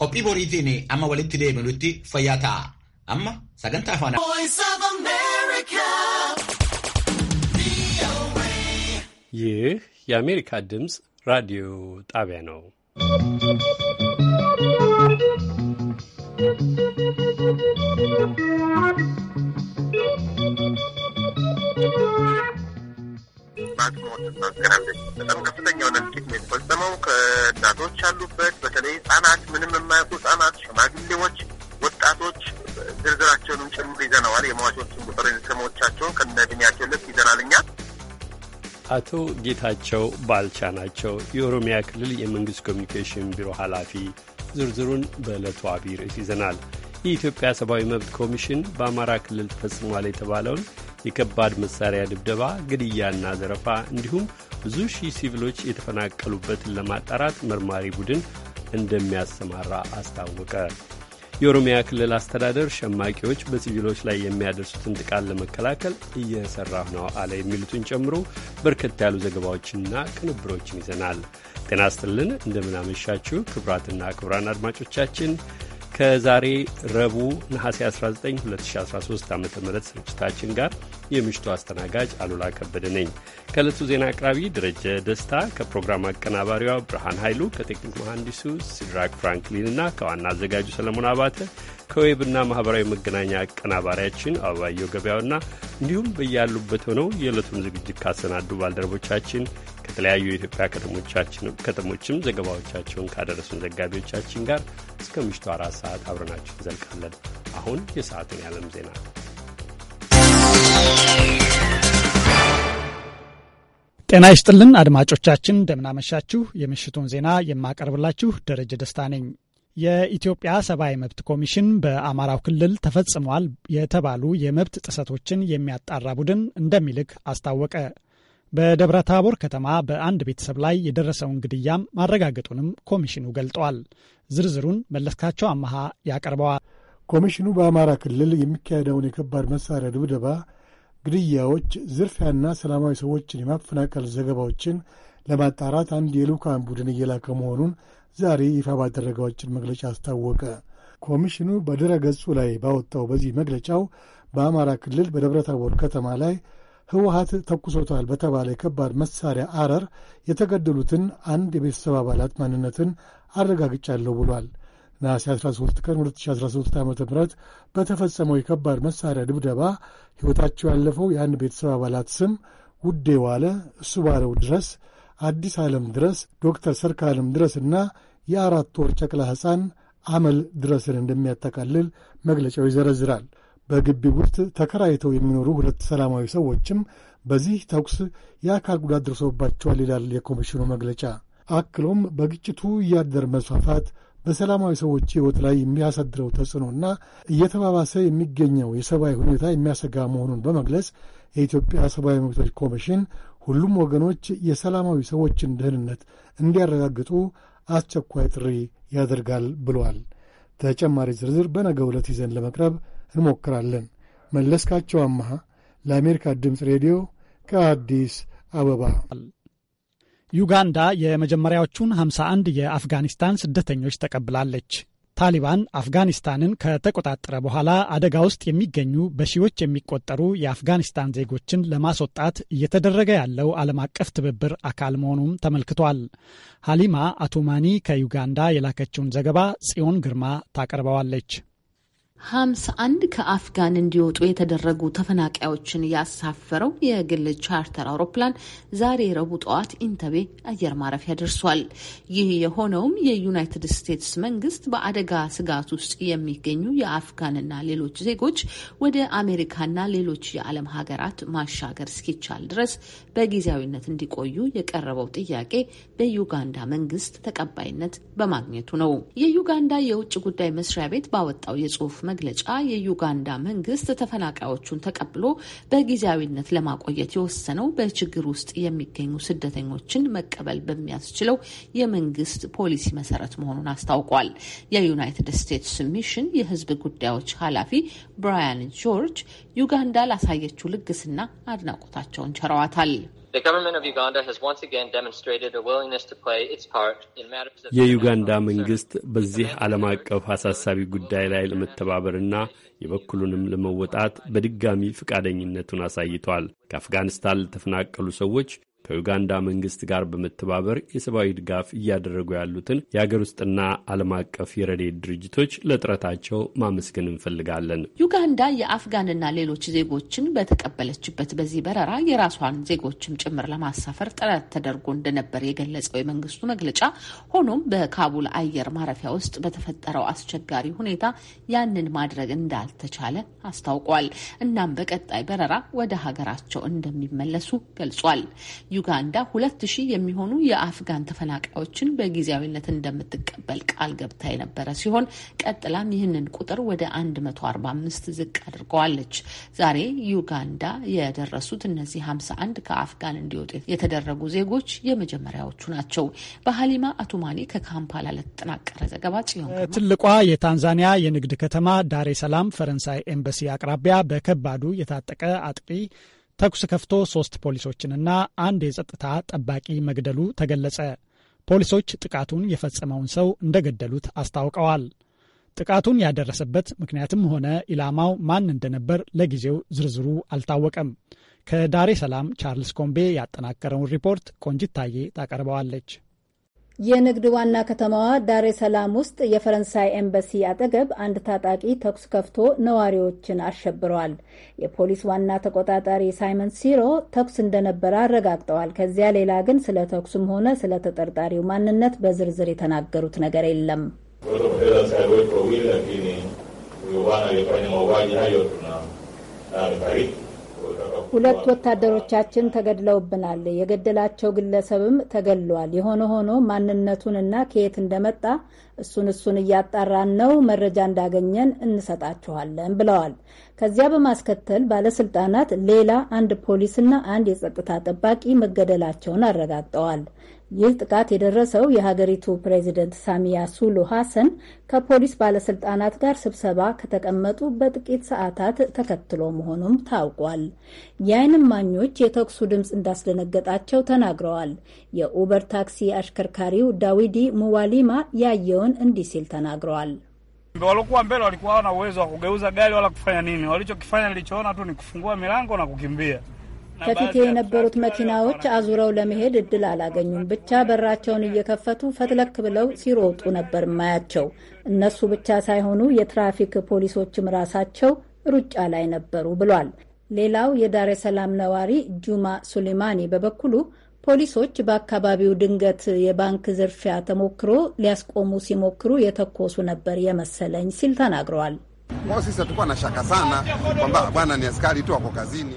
Voice of America. walitti deebinutti fayyaa ta'a. Amma sagantaa afaan ተመስገናለች። በጣም ከፍተኛ የሆነ የተፈጸመው። ከእናቶች አሉበት፣ በተለይ ህጻናት፣ ምንም የማያውቁ ህጻናት፣ ሽማግሌዎች፣ ወጣቶች ዝርዝራቸውንም ጭምር ይዘነዋል። የሟቾችን ቁጥር ስሞቻቸውን ልክ ይዘናል እኛ አቶ ጌታቸው ባልቻ ናቸው የኦሮሚያ ክልል የመንግሥት ኮሚኒኬሽን ቢሮ ኃላፊ። ዝርዝሩን በዕለቱ አቢይ ርዕስ ይዘናል። የኢትዮጵያ ሰብአዊ መብት ኮሚሽን በአማራ ክልል ተፈጽሟል የተባለውን የከባድ መሳሪያ ድብደባ፣ ግድያና ዘረፋ እንዲሁም ብዙ ሺህ ሲቪሎች የተፈናቀሉበትን ለማጣራት መርማሪ ቡድን እንደሚያሰማራ አስታወቀ። የኦሮሚያ ክልል አስተዳደር ሸማቂዎች በሲቪሎች ላይ የሚያደርሱትን ጥቃት ለመከላከል እየሰራሁ ነው አለ የሚሉትን ጨምሮ በርከት ያሉ ዘገባዎችንና ቅንብሮችን ይዘናል። ጤና ስጥልን፣ እንደምናመሻችሁ ክቡራትና ክቡራን አድማጮቻችን ከዛሬ ረቡዕ ነሐሴ 19 2013 ዓ ም ስርጭታችን ጋር የምሽቱ አስተናጋጅ አሉላ ከበደ ነኝ። ከእለቱ ዜና አቅራቢ ደረጀ ደስታ ከፕሮግራም አቀናባሪዋ ብርሃን ኃይሉ ከቴክኒክ መሐንዲሱ ሲድራክ ፍራንክሊን እና ከዋና አዘጋጁ ሰለሞን አባተ ከዌብና ማኅበራዊ መገናኛ አቀናባሪያችን አበባየሁ ገበያውና እንዲሁም በያሉበት ሆነው የዕለቱን ዝግጅት ካሰናዱ ባልደረቦቻችን ከተለያዩ የኢትዮጵያ ከተሞችም ዘገባዎቻቸውን ካደረሱን ዘጋቢዎቻችን ጋር እስከ ምሽቱ አራት ሰዓት አብረናችሁ እንዘልቃለን። አሁን የሰዓትን የዓለም ዜና ጤና ይስጥልን አድማጮቻችን፣ እንደምናመሻችሁ። የምሽቱን ዜና የማቀርብላችሁ ደረጀ ደስታ ነኝ። የኢትዮጵያ ሰብአዊ መብት ኮሚሽን በአማራው ክልል ተፈጽሟል የተባሉ የመብት ጥሰቶችን የሚያጣራ ቡድን እንደሚልክ አስታወቀ። በደብረ ታቦር ከተማ በአንድ ቤተሰብ ላይ የደረሰውን ግድያም ማረጋገጡንም ኮሚሽኑ ገልጠዋል። ዝርዝሩን መለስካቸው አመሃ ያቀርበዋል። ኮሚሽኑ በአማራ ክልል የሚካሄደውን የከባድ መሳሪያ ድብደባ፣ ግድያዎች፣ ዝርፊያና ሰላማዊ ሰዎችን የማፈናቀል ዘገባዎችን ለማጣራት አንድ የልኡካን ቡድን እየላከ መሆኑን ዛሬ ይፋ ባደረገው አጭር መግለጫ አስታወቀ። ኮሚሽኑ በድረ ገጹ ላይ ባወጣው በዚህ መግለጫው በአማራ ክልል በደብረታቦር ከተማ ላይ ህወሀት ተኩሶታል በተባለ የከባድ መሳሪያ አረር የተገደሉትን አንድ የቤተሰብ አባላት ማንነትን አረጋግጫለሁ ብሏል። ነሐሴ 13 ቀን 2013 ዓ ም በተፈጸመው የከባድ መሳሪያ ድብደባ ሕይወታቸው ያለፈው የአንድ ቤተሰብ አባላት ስም ውዴ ዋለ፣ እሱ ባለው ድረስ፣ አዲስ ዓለም ድረስ ዶክተር ሰርካለም ድረስና የአራት ወር ጨቅላ ሕፃን አመል ድረስን እንደሚያጠቃልል መግለጫው ይዘረዝራል። በግቢ ውስጥ ተከራይተው የሚኖሩ ሁለት ሰላማዊ ሰዎችም በዚህ ተኩስ የአካል ጉዳት ደርሶባቸዋል ይላል የኮሚሽኑ መግለጫ። አክሎም በግጭቱ እያደር መስፋፋት በሰላማዊ ሰዎች ሕይወት ላይ የሚያሳድረው ተጽዕኖና እየተባባሰ የሚገኘው የሰብአዊ ሁኔታ የሚያሰጋ መሆኑን በመግለጽ የኢትዮጵያ ሰብአዊ መብቶች ኮሚሽን ሁሉም ወገኖች የሰላማዊ ሰዎችን ደህንነት እንዲያረጋግጡ አስቸኳይ ጥሪ ያደርጋል ብሏል። ተጨማሪ ዝርዝር በነገ ዕለት ይዘን ለመቅረብ እንሞክራለን። መለስካቸው አመሃ ለአሜሪካ ድምፅ ሬዲዮ ከአዲስ አበባ። ዩጋንዳ የመጀመሪያዎቹን 51 የአፍጋኒስታን ስደተኞች ተቀብላለች። ታሊባን አፍጋኒስታንን ከተቆጣጠረ በኋላ አደጋ ውስጥ የሚገኙ በሺዎች የሚቆጠሩ የአፍጋኒስታን ዜጎችን ለማስወጣት እየተደረገ ያለው ዓለም አቀፍ ትብብር አካል መሆኑም ተመልክቷል። ሀሊማ አቱማኒ ከዩጋንዳ የላከችውን ዘገባ ጽዮን ግርማ ታቀርበዋለች። ሀምሳ አንድ ከአፍጋን እንዲወጡ የተደረጉ ተፈናቃዮችን ያሳፈረው የግል ቻርተር አውሮፕላን ዛሬ ረቡዕ ጠዋት ኢንተቤ አየር ማረፊያ ደርሷል። ይህ የሆነውም የዩናይትድ ስቴትስ መንግስት በአደጋ ስጋት ውስጥ የሚገኙ የአፍጋንና ሌሎች ዜጎች ወደ አሜሪካና ሌሎች የዓለም ሀገራት ማሻገር እስኪቻል ድረስ በጊዜያዊነት እንዲቆዩ የቀረበው ጥያቄ በዩጋንዳ መንግስት ተቀባይነት በማግኘቱ ነው። የዩጋንዳ የውጭ ጉዳይ መስሪያ ቤት ባወጣው የጽሁፍ መግለጫ የዩጋንዳ መንግስት ተፈናቃዮቹን ተቀብሎ በጊዜያዊነት ለማቆየት የወሰነው በችግር ውስጥ የሚገኙ ስደተኞችን መቀበል በሚያስችለው የመንግስት ፖሊሲ መሰረት መሆኑን አስታውቋል። የዩናይትድ ስቴትስ ሚሽን የህዝብ ጉዳዮች ኃላፊ ብራያን ጆርጅ ዩጋንዳ ላሳየችው ልግስና አድናቆታቸውን ቸረዋታል። የዩጋንዳ መንግስት በዚህ ዓለም አቀፍ አሳሳቢ ጉዳይ ላይ ለመተባበርና የበኩሉንም ለመወጣት በድጋሚ ፈቃደኝነቱን አሳይቷል። ከአፍጋኒስታን ለተፈናቀሉ ሰዎች ከዩጋንዳ መንግስት ጋር በመተባበር የሰብአዊ ድጋፍ እያደረጉ ያሉትን የአገር ውስጥና ዓለም አቀፍ የረድኤት ድርጅቶች ለጥረታቸው ማመስገን እንፈልጋለን። ዩጋንዳ የአፍጋንና ሌሎች ዜጎችን በተቀበለችበት በዚህ በረራ የራሷን ዜጎችም ጭምር ለማሳፈር ጥረት ተደርጎ እንደነበር የገለጸው የመንግስቱ መግለጫ፣ ሆኖም በካቡል አየር ማረፊያ ውስጥ በተፈጠረው አስቸጋሪ ሁኔታ ያንን ማድረግ እንዳልተቻለ አስታውቋል። እናም በቀጣይ በረራ ወደ ሀገራቸው እንደሚመለሱ ገልጿል። ዩጋንዳ ሁለት ሺህ የሚሆኑ የአፍጋን ተፈናቃዮችን በጊዜያዊነት እንደምትቀበል ቃል ገብታ የነበረ ሲሆን ቀጥላም ይህንን ቁጥር ወደ 145 ዝቅ አድርገዋለች። ዛሬ ዩጋንዳ የደረሱት እነዚህ 51 ከአፍጋን እንዲወጡ የተደረጉ ዜጎች የመጀመሪያዎቹ ናቸው። በሀሊማ አቱማሊ ከካምፓላ ለተጠናቀረ ዘገባ ጽዮን። ትልቋ የታንዛኒያ የንግድ ከተማ ዳሬ ሰላም ፈረንሳይ ኤምባሲ አቅራቢያ በከባዱ የታጠቀ አጥቂ ተኩስ ከፍቶ ሶስት ፖሊሶችንና አንድ የጸጥታ ጠባቂ መግደሉ ተገለጸ። ፖሊሶች ጥቃቱን የፈጸመውን ሰው እንደገደሉት አስታውቀዋል። ጥቃቱን ያደረሰበት ምክንያትም ሆነ ኢላማው ማን እንደነበር ለጊዜው ዝርዝሩ አልታወቀም። ከዳሬ ሰላም ቻርልስ ኮምቤ ያጠናቀረውን ሪፖርት ቆንጂት ታዬ ታቀርበዋለች። የንግድ ዋና ከተማዋ ዳሬ ሰላም ውስጥ የፈረንሳይ ኤምባሲ አጠገብ አንድ ታጣቂ ተኩስ ከፍቶ ነዋሪዎችን አሸብረዋል። የፖሊስ ዋና ተቆጣጣሪ ሳይመን ሲሮ ተኩስ እንደነበረ አረጋግጠዋል። ከዚያ ሌላ ግን ስለ ተኩሱም ሆነ ስለ ተጠርጣሪው ማንነት በዝርዝር የተናገሩት ነገር የለም። ሁለት ወታደሮቻችን ተገድለውብናል። የገደላቸው ግለሰብም ተገድሏል። የሆነ ሆኖ ማንነቱንና ከየት እንደመጣ እሱን እሱን እያጣራን ነው። መረጃ እንዳገኘን እንሰጣችኋለን ብለዋል። ከዚያ በማስከተል ባለስልጣናት ሌላ አንድ ፖሊስና አንድ የጸጥታ ጠባቂ መገደላቸውን አረጋግጠዋል። ይህ ጥቃት የደረሰው የሀገሪቱ ፕሬዚደንት ሳሚያ ሱሉ ሀሰን ከፖሊስ ባለስልጣናት ጋር ስብሰባ ከተቀመጡ በጥቂት ሰዓታት ተከትሎ መሆኑም ታውቋል። የዓይን እማኞች የተኩሱ ድምፅ እንዳስደነገጣቸው ተናግረዋል። የኡበር ታክሲ አሽከርካሪው ዳዊዲ ሙዋሊማ ያየውን እንዲህ ሲል ተናግረዋል። waliokuwa mbele walikuwa hawana uwezo wa kugeuza gari wala kufanya nini. Walichokifanya nilichoona tu ni kufungua milango na kukimbia ከፊቴ የነበሩት መኪናዎች አዙረው ለመሄድ እድል አላገኙም። ብቻ በራቸውን እየከፈቱ ፈትለክ ብለው ሲሮጡ ነበር ማያቸው። እነሱ ብቻ ሳይሆኑ የትራፊክ ፖሊሶችም ራሳቸው ሩጫ ላይ ነበሩ ብሏል። ሌላው የዳሬ ሰላም ነዋሪ ጁማ ሱሌማኒ በበኩሉ ፖሊሶች በአካባቢው ድንገት የባንክ ዝርፊያ ተሞክሮ ሊያስቆሙ ሲሞክሩ የተኮሱ ነበር የመሰለኝ ሲል ተናግረዋል። Kwao sisi hatukuwa na shaka sana kwamba bwana ni askari tu, wako kazini.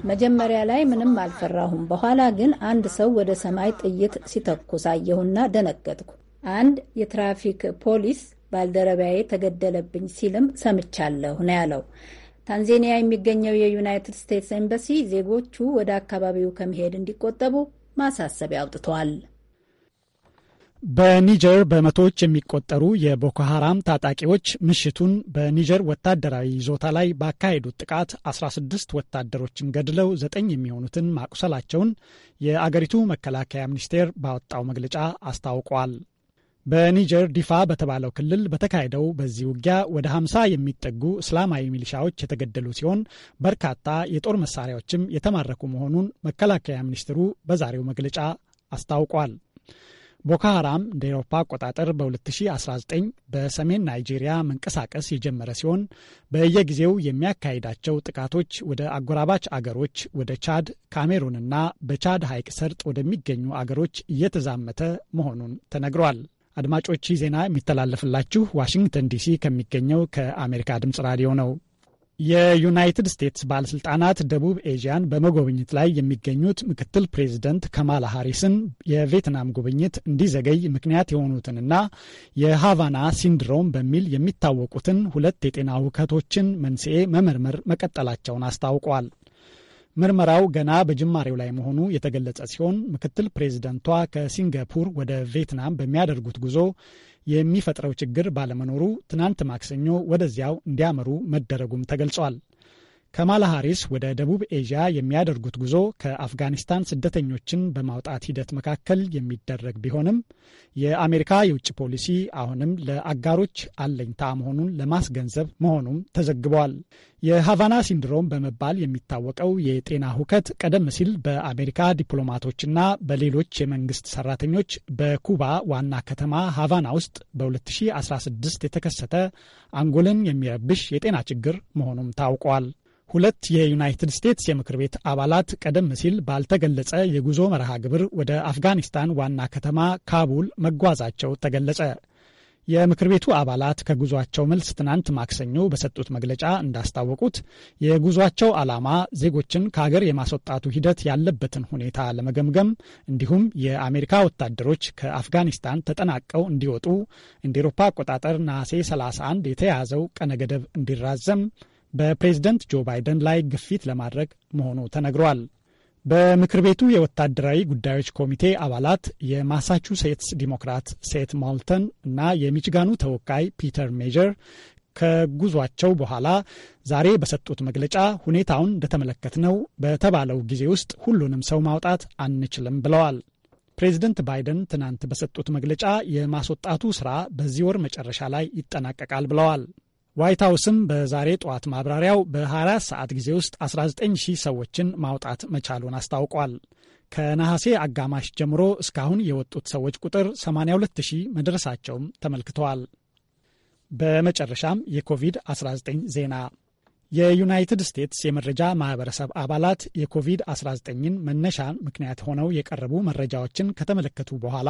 ላይ ምንም አልፈራሁም። በኋላ ግን አንድ ሰው ወደ ሰማይ ጥይት ሲተኩስ አየሁና ደነገጥኩ። አንድ የትራፊክ ፖሊስ ባልደረባዬ ተገደለብኝ ሲልም ሰምቻለሁ ነው ያለው። ታንዜኒያ የሚገኘው የዩናይትድ ስቴትስ ኤምባሲ ዜጎቹ ወደ አካባቢው ከመሄድ እንዲቆጠቡ ማሳሰቢያ አውጥተዋል። በኒጀር በመቶዎች የሚቆጠሩ የቦኮ ሀራም ታጣቂዎች ምሽቱን በኒጀር ወታደራዊ ይዞታ ላይ ባካሄዱት ጥቃት 16 ወታደሮችን ገድለው ዘጠኝ የሚሆኑትን ማቁሰላቸውን የአገሪቱ መከላከያ ሚኒስቴር ባወጣው መግለጫ አስታውቋል። በኒጀር ዲፋ በተባለው ክልል በተካሄደው በዚህ ውጊያ ወደ 50 የሚጠጉ እስላማዊ ሚሊሻዎች የተገደሉ ሲሆን በርካታ የጦር መሳሪያዎችም የተማረኩ መሆኑን መከላከያ ሚኒስትሩ በዛሬው መግለጫ አስታውቋል። ቦኮ ሃራም እንደ ኤሮፓ አቆጣጠር በ2019 በሰሜን ናይጄሪያ መንቀሳቀስ የጀመረ ሲሆን በየጊዜው የሚያካሂዳቸው ጥቃቶች ወደ አጎራባች አገሮች ወደ ቻድ፣ ካሜሩንና በቻድ ሐይቅ ሰርጥ ወደሚገኙ አገሮች እየተዛመተ መሆኑን ተነግሯል። አድማጮች ዜና የሚተላለፍላችሁ ዋሽንግተን ዲሲ ከሚገኘው ከአሜሪካ ድምጽ ራዲዮ ነው። የዩናይትድ ስቴትስ ባለስልጣናት ደቡብ ኤዥያን በመጎብኘት ላይ የሚገኙት ምክትል ፕሬዚደንት ከማላ ሃሪስን የቬትናም ጉብኝት እንዲዘገይ ምክንያት የሆኑትንና የሃቫና ሲንድሮም በሚል የሚታወቁትን ሁለት የጤና ውከቶችን መንስኤ መመርመር መቀጠላቸውን አስታውቋል። ምርመራው ገና በጅማሬው ላይ መሆኑ የተገለጸ ሲሆን ምክትል ፕሬዚደንቷ ከሲንጋፑር ወደ ቬትናም በሚያደርጉት ጉዞ የሚፈጥረው ችግር ባለመኖሩ ትናንት ማክሰኞ ወደዚያው እንዲያመሩ መደረጉም ተገልጿል። ካማላ ሃሪስ ወደ ደቡብ ኤዥያ የሚያደርጉት ጉዞ ከአፍጋኒስታን ስደተኞችን በማውጣት ሂደት መካከል የሚደረግ ቢሆንም የአሜሪካ የውጭ ፖሊሲ አሁንም ለአጋሮች አለኝታ መሆኑን ለማስገንዘብ መሆኑም ተዘግቧል። የሃቫና ሲንድሮም በመባል የሚታወቀው የጤና ሁከት ቀደም ሲል በአሜሪካ ዲፕሎማቶችና በሌሎች የመንግስት ሰራተኞች በኩባ ዋና ከተማ ሃቫና ውስጥ በ2016 የተከሰተ አንጎልን የሚረብሽ የጤና ችግር መሆኑም ታውቋል። ሁለት የዩናይትድ ስቴትስ የምክር ቤት አባላት ቀደም ሲል ባልተገለጸ የጉዞ መርሃ ግብር ወደ አፍጋኒስታን ዋና ከተማ ካቡል መጓዛቸው ተገለጸ። የምክር ቤቱ አባላት ከጉዟቸው መልስ ትናንት ማክሰኞ በሰጡት መግለጫ እንዳስታወቁት የጉዟቸው ዓላማ ዜጎችን ከሀገር የማስወጣቱ ሂደት ያለበትን ሁኔታ ለመገምገም እንዲሁም የአሜሪካ ወታደሮች ከአፍጋኒስታን ተጠናቀው እንዲወጡ እንደ ኤሮፓ አቆጣጠር ነሐሴ 31 የተያዘው ቀነ ገደብ እንዲራዘም በፕሬዝደንት ጆ ባይደን ላይ ግፊት ለማድረግ መሆኑ ተነግሯል። በምክር ቤቱ የወታደራዊ ጉዳዮች ኮሚቴ አባላት የማሳቹሴትስ ዲሞክራት ሴት ማልተን እና የሚችጋኑ ተወካይ ፒተር ሜጀር ከጉዟቸው በኋላ ዛሬ በሰጡት መግለጫ ሁኔታውን እንደተመለከትነው በተባለው ጊዜ ውስጥ ሁሉንም ሰው ማውጣት አንችልም ብለዋል። ፕሬዚደንት ባይደን ትናንት በሰጡት መግለጫ የማስወጣቱ ስራ በዚህ ወር መጨረሻ ላይ ይጠናቀቃል ብለዋል። ዋይት ሀውስም በዛሬ ጠዋት ማብራሪያው በ24 ሰዓት ጊዜ ውስጥ 19 ሺህ ሰዎችን ማውጣት መቻሉን አስታውቋል። ከነሐሴ አጋማሽ ጀምሮ እስካሁን የወጡት ሰዎች ቁጥር 82 ሺህ መድረሳቸውም ተመልክተዋል። በመጨረሻም የኮቪድ-19 ዜና የዩናይትድ ስቴትስ የመረጃ ማህበረሰብ አባላት የኮቪድ-19ን መነሻ ምክንያት ሆነው የቀረቡ መረጃዎችን ከተመለከቱ በኋላ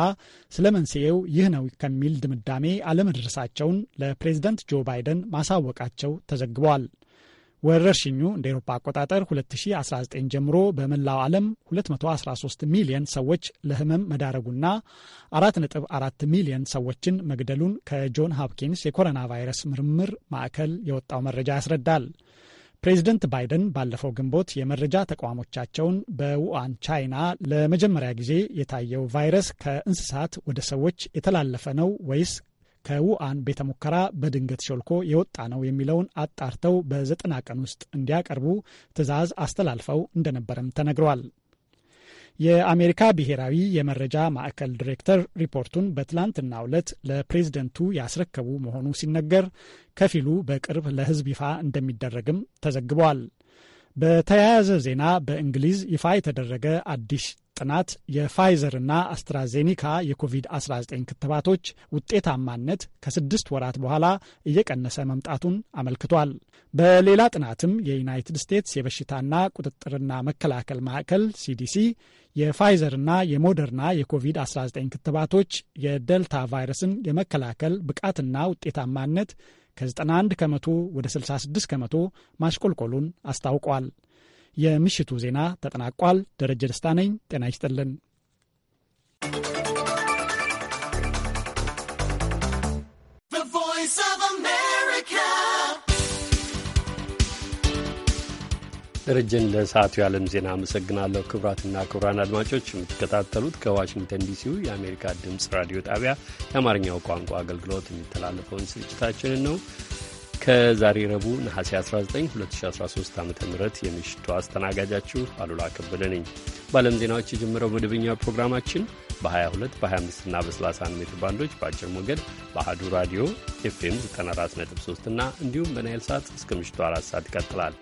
ስለ መንስኤው ይህ ነው ከሚል ድምዳሜ አለመድረሳቸውን ለፕሬዝደንት ጆ ባይደን ማሳወቃቸው ተዘግቧል። ወረርሽኙ እንደ ኤሮፓ አቆጣጠር 2019 ጀምሮ በመላው ዓለም 213 ሚሊዮን ሰዎች ለህመም መዳረጉና 4.4 ሚሊዮን ሰዎችን መግደሉን ከጆን ሀፕኪንስ የኮሮና ቫይረስ ምርምር ማዕከል የወጣው መረጃ ያስረዳል። ፕሬዚደንት ባይደን ባለፈው ግንቦት የመረጃ ተቋሞቻቸውን በውአን ቻይና ለመጀመሪያ ጊዜ የታየው ቫይረስ ከእንስሳት ወደ ሰዎች የተላለፈ ነው ወይስ ከውአን ቤተ ሙከራ በድንገት ሾልኮ የወጣ ነው የሚለውን አጣርተው በዘጠና ቀን ውስጥ እንዲያቀርቡ ትዕዛዝ አስተላልፈው እንደነበረም ተነግረዋል። የአሜሪካ ብሔራዊ የመረጃ ማዕከል ዲሬክተር ሪፖርቱን በትላንትናው ዕለት ለፕሬዝደንቱ ያስረከቡ መሆኑ ሲነገር ከፊሉ በቅርብ ለሕዝብ ይፋ እንደሚደረግም ተዘግቧል። በተያያዘ ዜና በእንግሊዝ ይፋ የተደረገ አዲስ ጥናት የፋይዘርና አስትራዜኒካ የኮቪድ-19 ክትባቶች ውጤታማነት ከስድስት ወራት በኋላ እየቀነሰ መምጣቱን አመልክቷል። በሌላ ጥናትም የዩናይትድ ስቴትስ የበሽታና ቁጥጥርና መከላከል ማዕከል ሲዲሲ የፋይዘርና የሞደርና የኮቪድ-19 ክትባቶች የደልታ ቫይረስን የመከላከል ብቃትና ውጤታማነት ከ91 ከመቶ ወደ 66 ከመቶ ማሽቆልቆሉን አስታውቋል። የምሽቱ ዜና ተጠናቋል። ደረጀ ደስታ ነኝ። ጤና ይስጥልን። ደረጀን ለሰዓቱ የዓለም ዜና አመሰግናለሁ። ክቡራትና ክቡራን አድማጮች የምትከታተሉት ከዋሽንግተን ዲሲው የአሜሪካ ድምፅ ራዲዮ ጣቢያ የአማርኛው ቋንቋ አገልግሎት የሚተላለፈውን ስርጭታችንን ነው። ከዛሬ ረቡዕ ነሐሴ 19 2013 ዓ ም የምሽቱ አስተናጋጃችሁ አሉላ ከበደ ነኝ። በዓለም ዜናዎች የጀመረው መደበኛ ፕሮግራማችን በ22 በ25 እና በ31 ሜትር ባንዶች በአጭር ሞገድ በአህዱ ራዲዮ ኤፍኤም 943 እና እንዲሁም በናይል ሰዓት እስከ ምሽቱ አራት ሰዓት ይቀጥላል።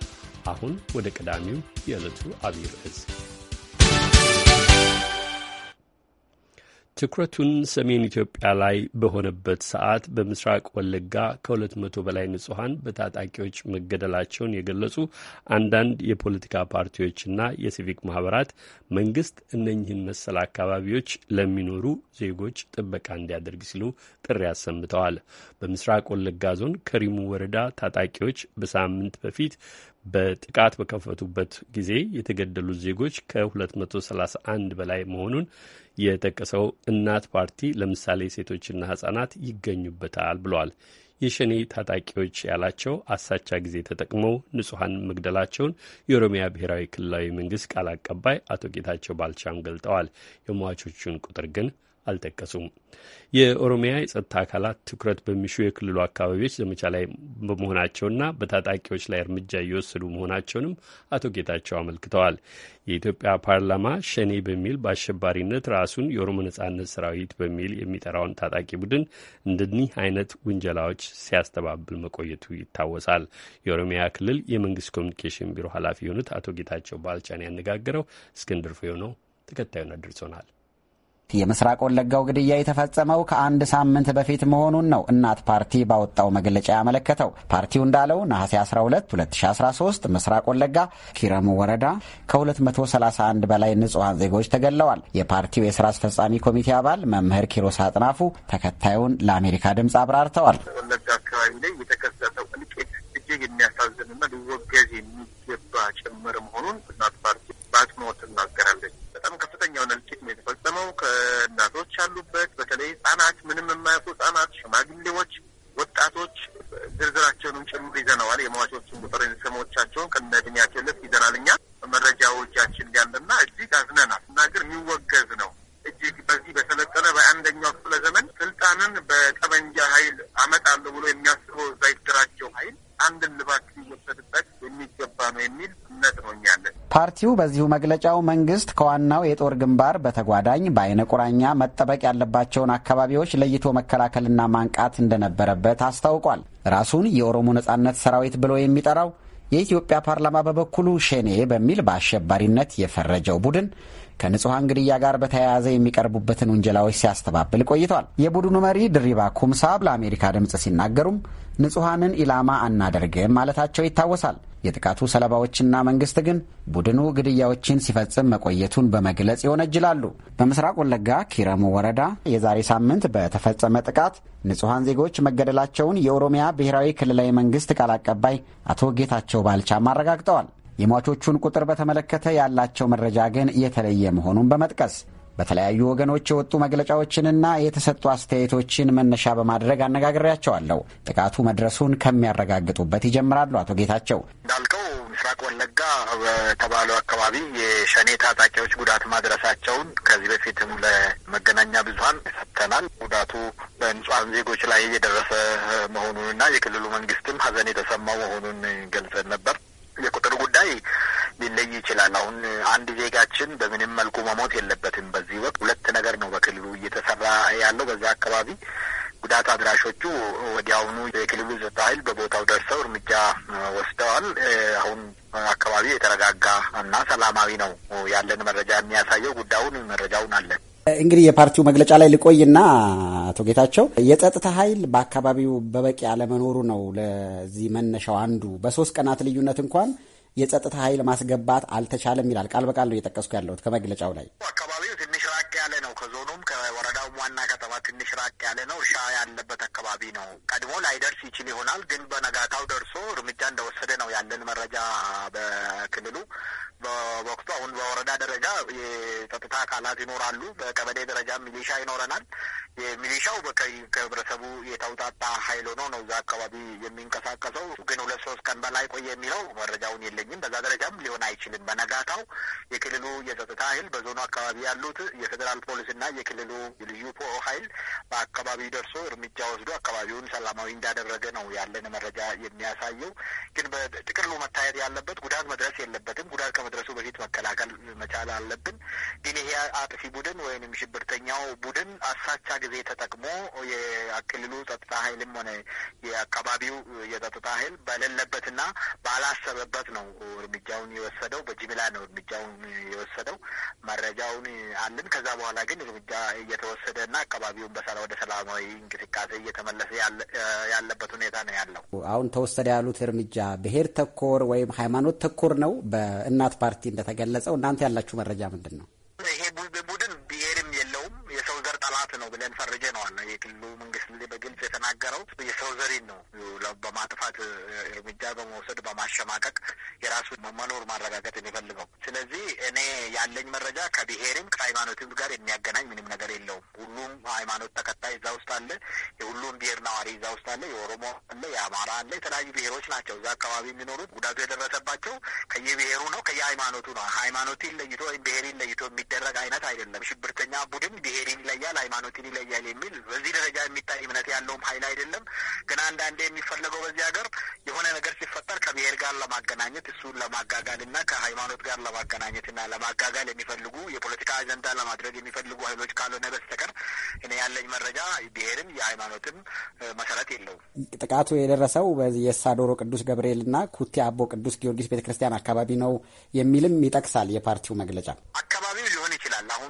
አሁን ወደ ቀዳሚው የዕለቱ አብይ ርዕስ ትኩረቱን ሰሜን ኢትዮጵያ ላይ በሆነበት ሰዓት በምስራቅ ወለጋ ከሁለት መቶ በላይ ንጹሐን በታጣቂዎች መገደላቸውን የገለጹ አንዳንድ የፖለቲካ ፓርቲዎችና የሲቪክ ማህበራት መንግስት እነኝህን መሰል አካባቢዎች ለሚኖሩ ዜጎች ጥበቃ እንዲያደርግ ሲሉ ጥሪ አሰምተዋል። በምስራቅ ወለጋ ዞን ከሪሙ ወረዳ ታጣቂዎች በሳምንት በፊት በጥቃት በከፈቱበት ጊዜ የተገደሉ ዜጎች ከ231 በላይ መሆኑን የጠቀሰው እናት ፓርቲ ለምሳሌ ሴቶችና ህጻናት ይገኙበታል ብለዋል። የሸኔ ታጣቂዎች ያላቸው አሳቻ ጊዜ ተጠቅመው ንጹሐን መግደላቸውን የኦሮሚያ ብሔራዊ ክልላዊ መንግስት ቃል አቀባይ አቶ ጌታቸው ባልቻም ገልጠዋል። የሟቾቹን ቁጥር ግን አልጠቀሱም። የኦሮሚያ የጸጥታ አካላት ትኩረት በሚሹ የክልሉ አካባቢዎች ዘመቻ ላይ በመሆናቸውና በታጣቂዎች ላይ እርምጃ እየወሰዱ መሆናቸውንም አቶ ጌታቸው አመልክተዋል። የኢትዮጵያ ፓርላማ ሸኔ በሚል በአሸባሪነት ራሱን የኦሮሞ ነጻነት ሰራዊት በሚል የሚጠራውን ታጣቂ ቡድን እንደኒህ አይነት ውንጀላዎች ሲያስተባብል መቆየቱ ይታወሳል። የኦሮሚያ ክልል የመንግስት ኮሚኒኬሽን ቢሮ ኃላፊ የሆኑት አቶ ጌታቸው ባልቻን ያነጋገረው እስክንድር ፍሬው ነው። ተከታዩን አድርሶናል። የምስራቅ ወለጋው ግድያ የተፈጸመው ከአንድ ሳምንት በፊት መሆኑን ነው እናት ፓርቲ ባወጣው መግለጫ ያመለከተው። ፓርቲው እንዳለው ነሐሴ 12 2013 ምስራቅ ወለጋ ኪረሙ ወረዳ ከ231 በላይ ንጹሐን ዜጎች ተገለዋል። የፓርቲው የስራ አስፈጻሚ ኮሚቴ አባል መምህር ኪሮስ አጥናፉ ተከታዩን ለአሜሪካ ድምፅ አብራርተዋል። ወለጋ አካባቢ ላይ የተከሰተው እልቂት እጅግ የሚያሳዝንና ሊወገዝ የሚገባ ጭምር መሆኑን እናት ፓርቲ በአጽንኦት እናገራለች። በጣም ከፍተኛውን የምንሰማው ከእናቶች አሉበት። በተለይ ህጻናት፣ ምንም የማያውቁ ህጻናት፣ ሽማግሌዎች፣ ወጣቶች ዝርዝራቸውንም ጭምር ይዘነዋል። የሟቾችን ቁጥር ስሞቻቸውን ከነ እድሜያቸው ልክ ይዘናል። እኛ መረጃው እጃችን ያለና እጅግ አዝነናል እና ግን የሚወገዝ ነው እጅግ በዚህ በሰለጠነ በአንደኛው ክፍለ ዘመን ስልጣንን በጠመንጃ ኃይል አመጣለሁ ብሎ የሚያስበው እዛ ይድራቸው ኃይል አንድ ልባክ ሊወሰድበት የሚገባ ነው የሚል እምነት ነው እኛለን። ፓርቲው በዚሁ መግለጫው መንግስት ከዋናው የጦር ግንባር በተጓዳኝ በአይነ ቁራኛ መጠበቅ ያለባቸውን አካባቢዎች ለይቶ መከላከልና ማንቃት እንደነበረበት አስታውቋል። ራሱን የኦሮሞ ነጻነት ሰራዊት ብሎ የሚጠራው የኢትዮጵያ ፓርላማ በበኩሉ ሸኔ በሚል በአሸባሪነት የፈረጀው ቡድን ከንጹሐን ግድያ ጋር በተያያዘ የሚቀርቡበትን ውንጀላዎች ሲያስተባብል ቆይቷል። የቡድኑ መሪ ድሪባ ኩምሳብ ለአሜሪካ ድምፅ ሲናገሩም ንጹሐንን ኢላማ አናደርግም ማለታቸው ይታወሳል። የጥቃቱ ሰለባዎችና መንግስት ግን ቡድኑ ግድያዎችን ሲፈጽም መቆየቱን በመግለጽ ይወነጅላሉ። በምስራቅ ወለጋ ኪረሙ ወረዳ የዛሬ ሳምንት በተፈጸመ ጥቃት ንጹሐን ዜጎች መገደላቸውን የኦሮሚያ ብሔራዊ ክልላዊ መንግስት ቃል አቀባይ አቶ ጌታቸው ባልቻም አረጋግጠዋል። የሟቾቹን ቁጥር በተመለከተ ያላቸው መረጃ ግን የተለየ መሆኑን በመጥቀስ በተለያዩ ወገኖች የወጡ መግለጫዎችንና የተሰጡ አስተያየቶችን መነሻ በማድረግ አነጋግሬያቸዋለሁ። ጥቃቱ መድረሱን ከሚያረጋግጡበት ይጀምራሉ። አቶ ጌታቸው እንዳልከው ምስራቅ ወለጋ በተባለው አካባቢ የሸኔ ታጣቂዎች ጉዳት ማድረሳቸውን ከዚህ በፊትም ለመገናኛ ብዙኃን ሰጥተናል። ጉዳቱ በንጹሐን ዜጎች ላይ የደረሰ መሆኑንና የክልሉ መንግስትም ሀዘን የተሰማው መሆኑን ገልጸን ነበር። የቁጥር ጉዳይ ሊለይ ይችላል። አሁን አንድ ዜጋችን በምንም መልኩ መሞት የለበትም። በዚህ ወቅት ሁለት ነገር ነው በክልሉ እየተሰራ ያለው። በዛ አካባቢ ጉዳት አድራሾቹ ወዲያውኑ የክልሉ ጸጥታ ኃይል በቦታው ደርሰው እርምጃ ወስደዋል። አሁን አካባቢ የተረጋጋ እና ሰላማዊ ነው ያለን መረጃ የሚያሳየው ጉዳዩን መረጃውን አለን እንግዲህ የፓርቲው መግለጫ ላይ ልቆይና አቶ ጌታቸው የጸጥታ ኃይል በአካባቢው በበቂ አለመኖሩ ነው ለዚህ መነሻው አንዱ። በሶስት ቀናት ልዩነት እንኳን የጸጥታ ኃይል ማስገባት አልተቻለም ይላል። ቃል በቃል ነው እየጠቀስኩ ያለሁት ከመግለጫው ላይ አካባቢው ትንሽ ትንሽ ራቅ ያለ ነው፣ እርሻ ያለበት አካባቢ ነው። ቀድሞ ላይደርስ ይችል ይሆናል፣ ግን በነጋታው ደርሶ እርምጃ እንደወሰደ ነው ያለን መረጃ በክልሉ በወቅቱ። አሁን በወረዳ ደረጃ የጸጥታ አካላት ይኖራሉ፣ በቀበሌ ደረጃ ሚሊሻ ይኖረናል። የሚሊሻው ከህብረተሰቡ የተውጣጣ ሀይል ሆኖ ነው እዛ አካባቢ የሚንቀሳቀሰው። ግን ሁለት ሶስት ቀን በላይ ቆየ የሚለው መረጃውን የለኝም። በዛ ደረጃም ሊሆን አይችልም። በነጋታው የክልሉ የጸጥታ ኃይል በዞኑ አካባቢ ያሉት የፌዴራል ፖሊስና የክልሉ ልዩ ፖ ኃይል በአካባቢ ደርሶ እርምጃ ወስዶ አካባቢውን ሰላማዊ እንዳደረገ ነው ያለን መረጃ የሚያሳየው። ግን በጥቅሉ መታየት ያለበት ጉዳት መድረስ የለበትም። ጉዳት ከመድረሱ በፊት መከላከል መቻል አለብን። ግን ይሄ አጥፊ ቡድን ወይም ሽብርተኛው ቡድን አሳቻ ጊዜ ተጠቅሞ የክልሉ ጸጥታ ኃይልም ሆነ የአካባቢው የጸጥታ ኃይል በሌለበትና ባላሰበበት ነው እርምጃውን የወሰደው። በጅምላ ነው እርምጃውን የወሰደው። መረጃውን አለን። ከዛ በኋላ ግን እርምጃ እየተወሰደ እና አካባቢ እንደዚሁም በሰላ ወደ ሰላማዊ እንቅስቃሴ እየተመለሰ ያለበት ሁኔታ ነው ያለው። አሁን ተወሰደ ያሉት እርምጃ ብሔር ተኮር ወይም ሃይማኖት ተኮር ነው በእናት ፓርቲ እንደተገለጸው። እናንተ ያላችሁ መረጃ ምንድን ነው? ይሄ ብለን ፈርጀ ነዋል። የክልሉ መንግስት በግልጽ የተናገረው የሰው ዘሪን ነው በማጥፋት እርምጃ በመውሰድ በማሸማቀቅ የራሱ መኖር ማረጋገጥ የሚፈልገው። ስለዚህ እኔ ያለኝ መረጃ ከብሔርም ከሃይማኖትም ጋር የሚያገናኝ ምንም ነገር የለውም። ሁሉም ሃይማኖት ተከታይ እዛ ውስጥ አለ። የሁሉም ብሔር ነዋሪ እዛ ውስጥ አለ። የኦሮሞ አለ፣ የአማራ አለ። የተለያዩ ብሔሮች ናቸው እዛ አካባቢ የሚኖሩት። ጉዳቱ የደረሰባቸው ከየብሔሩ ነው ከየሃይማኖቱ ነው። ሃይማኖትን ለይቶ ወይም ብሔርን ለይቶ የሚደረግ አይነት አይደለም። ሽብርተኛ ቡድን ብሔርን ይለያል፣ ሃይማኖትን ይለያል የሚል በዚህ ደረጃ የሚታይ እምነት ያለውም ሀይል አይደለም። ግን አንዳንዴ የሚፈለገው በዚህ ሀገር የሆነ ነገር ሲፈጠር ከብሔር ጋር ለማገናኘት እሱን ለማጋጋል እና ከሃይማኖት ጋር ለማገናኘት እና ለማጋጋል የሚፈልጉ የፖለቲካ አጀንዳ ለማድረግ የሚፈልጉ ሀይሎች ካልሆነ በስተቀር እኔ ያለኝ መረጃ ብሔርም የሃይማኖትም መሰረት የለውም። ጥቃቱ የደረሰው የሳዶሮ ቅዱስ ገብርኤል እና ኩቴ አቦ ቅዱስ ጊዮርጊስ ቤተ ክርስቲያን አካባቢ ነው የሚልም ይጠቅሳል የፓርቲው መግለጫ። አካባቢው ሊሆን ይችላል አሁን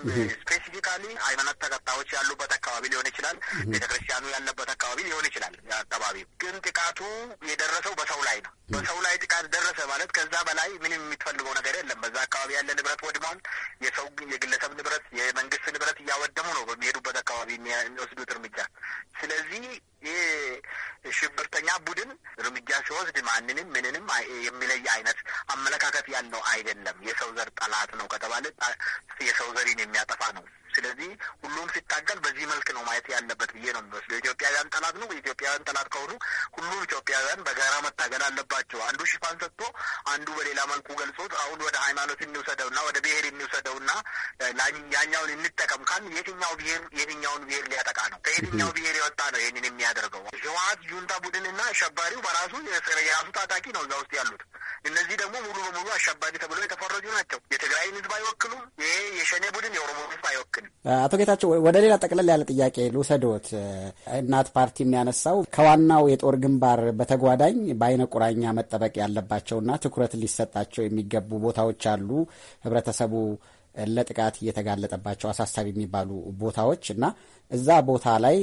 ስፔሲፊካሊ ሃይማኖት ተከታዮች ያሉበት አካባቢ ሊሆን ይችላል። ቤተክርስቲያኑ ያለበት አካባቢ ሊሆን ይችላል። አካባቢ ግን ጥቃቱ የደረሰው በሰው ላይ ነው። በሰው ላይ ጥቃት ደረሰ ማለት ከዛ በላይ ምንም የምትፈልገው ነገር የለም። በዛ አካባቢ ያለ ንብረት ወድሟል። የሰው የግለሰብ ንብረት፣ የመንግስት ንብረት እያወደሙ ነው በሚሄዱበት አካባቢ የሚወስዱት እርምጃ። ስለዚህ ይህ ሽብርተኛ ቡድን እርምጃ ሲወስድ ማንንም ምንንም የሚለይ አይነት አመለካከት ያለው አይደለም። የሰው ዘር ጠላት ነው ከተባለ የሰው ዘሪን የሚያጠፋ ነው። ስለዚህ ሁሉም ሲታገል በዚህ መልክ ነው ማየት ያለበት ብዬ ነው የሚወስደው። ኢትዮጵያውያን ጠላት ነው። ኢትዮጵያውያን ጠላት ከሆኑ ሁሉም ኢትዮጵያውያን በጋራ መታገል አለባቸው። አንዱ ሽፋን ሰጥቶ አንዱ በሌላ መልኩ ገልጾት አሁን ወደ ሃይማኖት እንውሰደውና ወደ ብሔር እንውሰደውና ያኛውን እንጠቀም ካል የትኛው ብሔር የትኛውን ብሔር ሊያጠቃ ነው? ከየትኛው ብሔር የወጣ ነው ይህንን የሚያደርገው? ህወሓት ጁንታ ቡድንና አሸባሪው በራሱ የራሱ ታጣቂ ነው እዛ ውስጥ ያሉት። እነዚህ ደግሞ ሙሉ በሙሉ አሸባሪ ተብሎ የተፈረጁ ናቸው። የትግራይን ህዝብ አይወክሉም። ይሄ የሸኔ ቡድን የኦሮሞ ህዝብ አይወክል? አቶ ጌታቸው ወደ ሌላ ጠቅለል ያለ ጥያቄ ልውሰድዎት። እናት ፓርቲ የሚያነሳው ከዋናው የጦር ግንባር በተጓዳኝ በአይነ ቁራኛ መጠበቅ ያለባቸውና ትኩረት ሊሰጣቸው የሚገቡ ቦታዎች አሉ። ህብረተሰቡ ለጥቃት እየተጋለጠባቸው አሳሳቢ የሚባሉ ቦታዎች እና እዛ ቦታ ላይ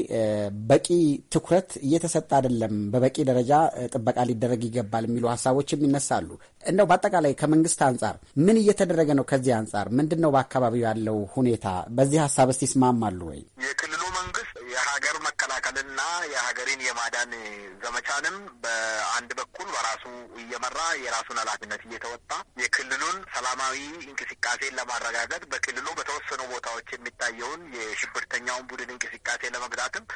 በቂ ትኩረት እየተሰጠ አይደለም፣ በበቂ ደረጃ ጥበቃ ሊደረግ ይገባል የሚሉ ሀሳቦችም ይነሳሉ። እንደው በአጠቃላይ ከመንግስት አንጻር ምን እየተደረገ ነው? ከዚህ አንጻር ምንድን ነው በአካባቢው ያለው ሁኔታ? በዚህ ሀሳብ እስቲ ይስማማሉ ወይ? የክልሉ መንግስት የሀገር መከላከልና የሀገርን የማዳን ዘመቻንም በአንድ በኩል በራሱ እየመራ የራሱን ኃላፊነት እየተወጣ የክልሉን ሰላማዊ እንቅስቃሴን ለማረጋገጥ በክልሉ በተወሰኑ ቦታዎች የሚታየውን የሽብርተኛውን ቡድን እንቅስቃሴ ለመግታትም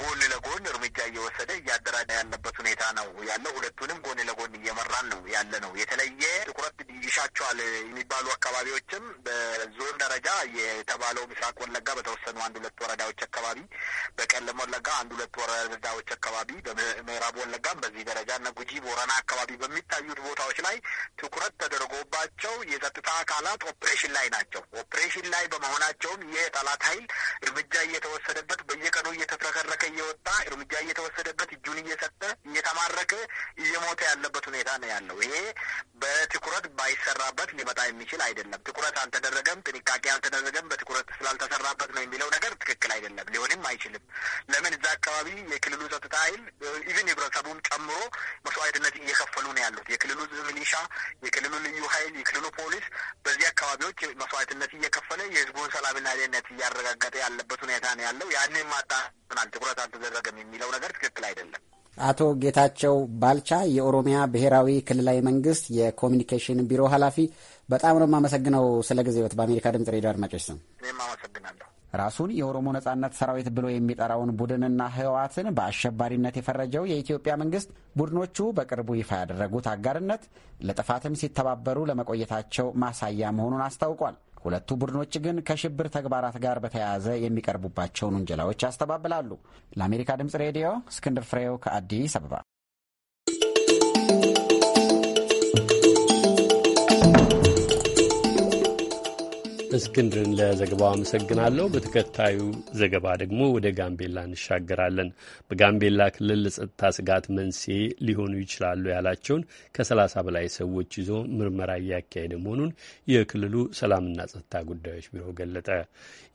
ጎን ለጎን እርምጃ እየወሰደ እያደራጃ ያለበት ሁኔታ ነው ያለው። ሁለቱንም ጎን ለጎን እየመራን ነው ያለ ነው። የተለየ ትኩረት ይሻቸዋል የሚባሉ አካባቢዎችም በዞን ደረጃ የተባለው ምስራቅ ወለጋ በተወሰኑ አንድ ሁለት ወረዳዎች አካባቢ በቄለም ወለጋ አንድ ሁለት ወረዳዎች አካባቢ፣ በምዕራብ ወለጋም በዚህ ደረጃ እና ጉጂ ቦረና አካባቢ በሚታዩት ቦታዎች ላይ ትኩረት ተደርጎባቸው የጸጥታ አካላት ኦፕሬሽን ላይ ናቸው። ኦፕሬሽን ላይ በመሆናቸውም ይህ ጠላት ኃይል እርምጃ እየተወሰደበት በየቀኑ እየተፍረከረከ እየወጣ እርምጃ እየተወሰደበት እጁን እየሰጠ እየተማረከ እየሞተ ያለበት ሁኔታ ነው ያለው። ይሄ በትኩረት ባይሰራበት ሊመጣ የሚችል አይደለም። ትኩረት አልተደረገም፣ ጥንቃቄ አልተደረገም፣ በትኩረት ስላልተሰራበት ነው የሚለው ነገር ትክክል አይደለም፣ ሊሆንም አይችልም። ለምን እዛ አካባቢ የክልሉ ጸጥታ ኃይል ኢቭን ህብረተሰቡም ጨምሮ መስዋዕትነት እየከፈሉ ነው ያሉት። የክልሉ ሚሊሻ፣ የክልሉ ልዩ ኃይል፣ የክልሉ ፖሊስ በዚህ አካባቢዎች መስዋዕትነት እየከፈለ የህዝቡን ሰላምና ደህንነት እያረጋገጠ ያለበት ሁኔታ ነው ያለው። ያንን ማጣናል ትኩረት አልተደረገም የሚለው ነገር ትክክል አይደለም። አቶ ጌታቸው ባልቻ የኦሮሚያ ብሔራዊ ክልላዊ መንግስት የኮሚኒኬሽን ቢሮ ኃላፊ፣ በጣም ነው የማመሰግነው ስለ ጊዜዎት በአሜሪካ ድምጽ ሬዲዮ አድማጮች ስም እኔም አመሰግናለሁ። ራሱን የኦሮሞ ነጻነት ሰራዊት ብሎ የሚጠራውን ቡድንና ህወሓትን በአሸባሪነት የፈረጀው የኢትዮጵያ መንግስት ቡድኖቹ በቅርቡ ይፋ ያደረጉት አጋርነት ለጥፋትም ሲተባበሩ ለመቆየታቸው ማሳያ መሆኑን አስታውቋል። ሁለቱ ቡድኖች ግን ከሽብር ተግባራት ጋር በተያያዘ የሚቀርቡባቸውን ውንጀላዎች ያስተባብላሉ። ለአሜሪካ ድምጽ ሬዲዮ እስክንድር ፍሬው ከአዲስ አበባ እስክንድርን ለዘገባው አመሰግናለሁ። በተከታዩ ዘገባ ደግሞ ወደ ጋምቤላ እንሻገራለን። በጋምቤላ ክልል ለጸጥታ ስጋት መንስኤ ሊሆኑ ይችላሉ ያላቸውን ከ30 በላይ ሰዎች ይዞ ምርመራ እያካሄደ መሆኑን የክልሉ ሰላምና ጸጥታ ጉዳዮች ቢሮ ገለጠ።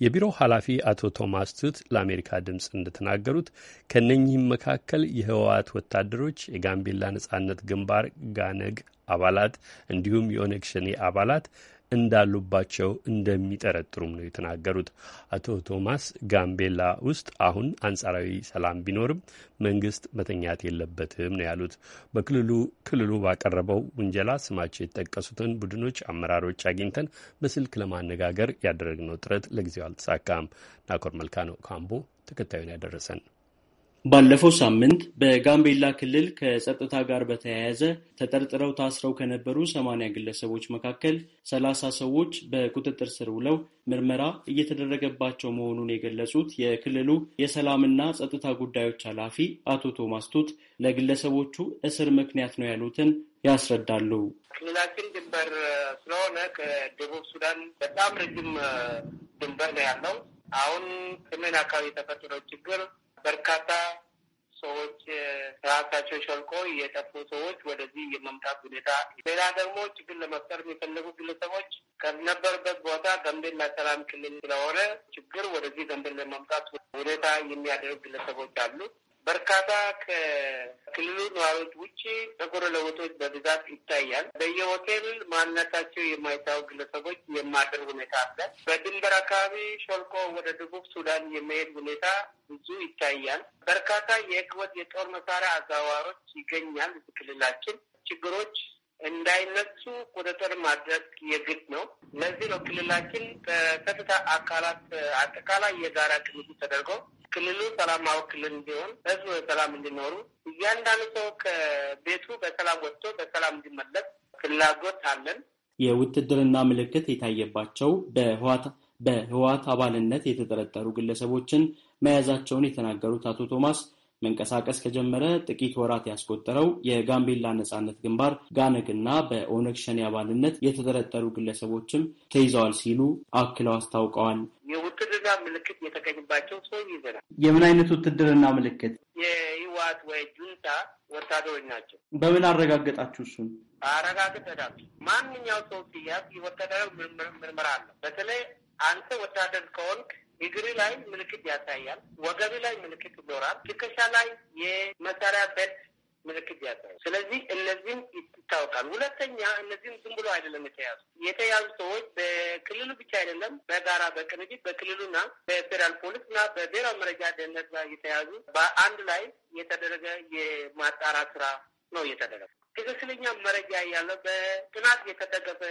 የቢሮው ኃላፊ አቶ ቶማስ ቱት ለአሜሪካ ድምፅ እንደተናገሩት ከነኚህም መካከል የህወሓት ወታደሮች፣ የጋምቤላ ነጻነት ግንባር ጋነግ አባላት እንዲሁም የኦነግ ሸኔ አባላት እንዳሉባቸው እንደሚጠረጥሩም ነው የተናገሩት። አቶ ቶማስ ጋምቤላ ውስጥ አሁን አንጻራዊ ሰላም ቢኖርም መንግስት መተኛት የለበትም ነው ያሉት። በክልሉ ክልሉ ባቀረበው ውንጀላ ስማቸው የተጠቀሱትን ቡድኖች አመራሮች አግኝተን በስልክ ለማነጋገር ያደረግነው ጥረት ለጊዜው አልተሳካም። ናኮር መልካ ነው ካምቦ ተከታዩን ያደረሰን። ባለፈው ሳምንት በጋምቤላ ክልል ከጸጥታ ጋር በተያያዘ ተጠርጥረው ታስረው ከነበሩ ሰማንያ ግለሰቦች መካከል ሰላሳ ሰዎች በቁጥጥር ስር ውለው ምርመራ እየተደረገባቸው መሆኑን የገለጹት የክልሉ የሰላምና ጸጥታ ጉዳዮች ኃላፊ አቶ ቶማስ ቱት ለግለሰቦቹ እስር ምክንያት ነው ያሉትን ያስረዳሉ። ክልላችን ድንበር ስለሆነ ከደቡብ ሱዳን በጣም ረጅም ድንበር ነው ያለው። አሁን ሰሜን አካባቢ የተፈጠረው ችግር በርካታ ሰዎች ራሳቸው ሸልቆ የጠፉ ሰዎች ወደዚህ የመምጣት ሁኔታ፣ ሌላ ደግሞ ችግር ለመፍጠር የሚፈለጉ ግለሰቦች ከነበርበት ቦታ ገንቤላ ሰላም ክልል ስለሆነ ችግር ወደዚህ ገንቤላ ለመምጣት ሁኔታ የሚያደርግ ግለሰቦች አሉ። በርካታ ከክልሉ ነዋሪዎች ውጭ ጥቁር ለውጦች በብዛት ይታያል። በየሆቴል ማንነታቸው የማይታወቅ ግለሰቦች የማደር ሁኔታ አለ። በድንበር አካባቢ ሾልኮ ወደ ደቡብ ሱዳን የመሄድ ሁኔታ ብዙ ይታያል። በርካታ የህገወጥ የጦር መሳሪያ አዛዋሮች ይገኛል። ክልላችን ችግሮች እንዳይነሱ ቁጥጥር ማድረግ የግድ ነው። ለዚህ ነው ክልላችን በከፍታ አካላት አጠቃላይ የጋራ ቅንጅት ተደርጎ ክልሉ ሰላማዊ ክልል እንዲሆን ህዝብ በሰላም እንዲኖሩ እያንዳንዱ ሰው ከቤቱ በሰላም ወጥቶ በሰላም እንዲመለስ ፍላጎት አለን። የውትድርና ምልክት የታየባቸው በህወሓት አባልነት የተጠረጠሩ ግለሰቦችን መያዛቸውን የተናገሩት አቶ ቶማስ መንቀሳቀስ ከጀመረ ጥቂት ወራት ያስቆጠረው የጋምቤላ ነጻነት ግንባር ጋነግና በኦነግ ሸኔ አባልነት የተጠረጠሩ ግለሰቦችም ተይዘዋል ሲሉ አክለው አስታውቀዋል። የውትድርና ምልክት የተገኝባቸው ሰው ይዘናል። የምን አይነት ውትድርና ምልክት? የህወሓት ወይ ጁንታ ወታደሮች ናቸው። በምን አረጋገጣችሁ? እሱን አረጋግጠናል። ማንኛው ሰው ሲያዝ የወታደራዊ ምርመራ አለው። በተለይ አንተ ወታደር ከሆንክ እግር ላይ ምልክት ያሳያል። ወገብ ላይ ምልክት ይኖራል። ትከሻ ላይ የመሳሪያ በት ምልክት ያሳያል። ስለዚህ እነዚህም ይታወቃል። ሁለተኛ እነዚህም ዝም ብሎ አይደለም የተያዙ የተያዙ ሰዎች በክልሉ ብቻ አይደለም፣ በጋራ በቅንጅት በክልሉና በፌዴራል ፖሊስና በብሔራዊ መረጃ ደህንነት ላይ የተያዙ በአንድ ላይ የተደረገ የማጣራት ስራ ነው እየተደረገ ትክክለኛ መረጃ ያለ በጥናት የተደገፈ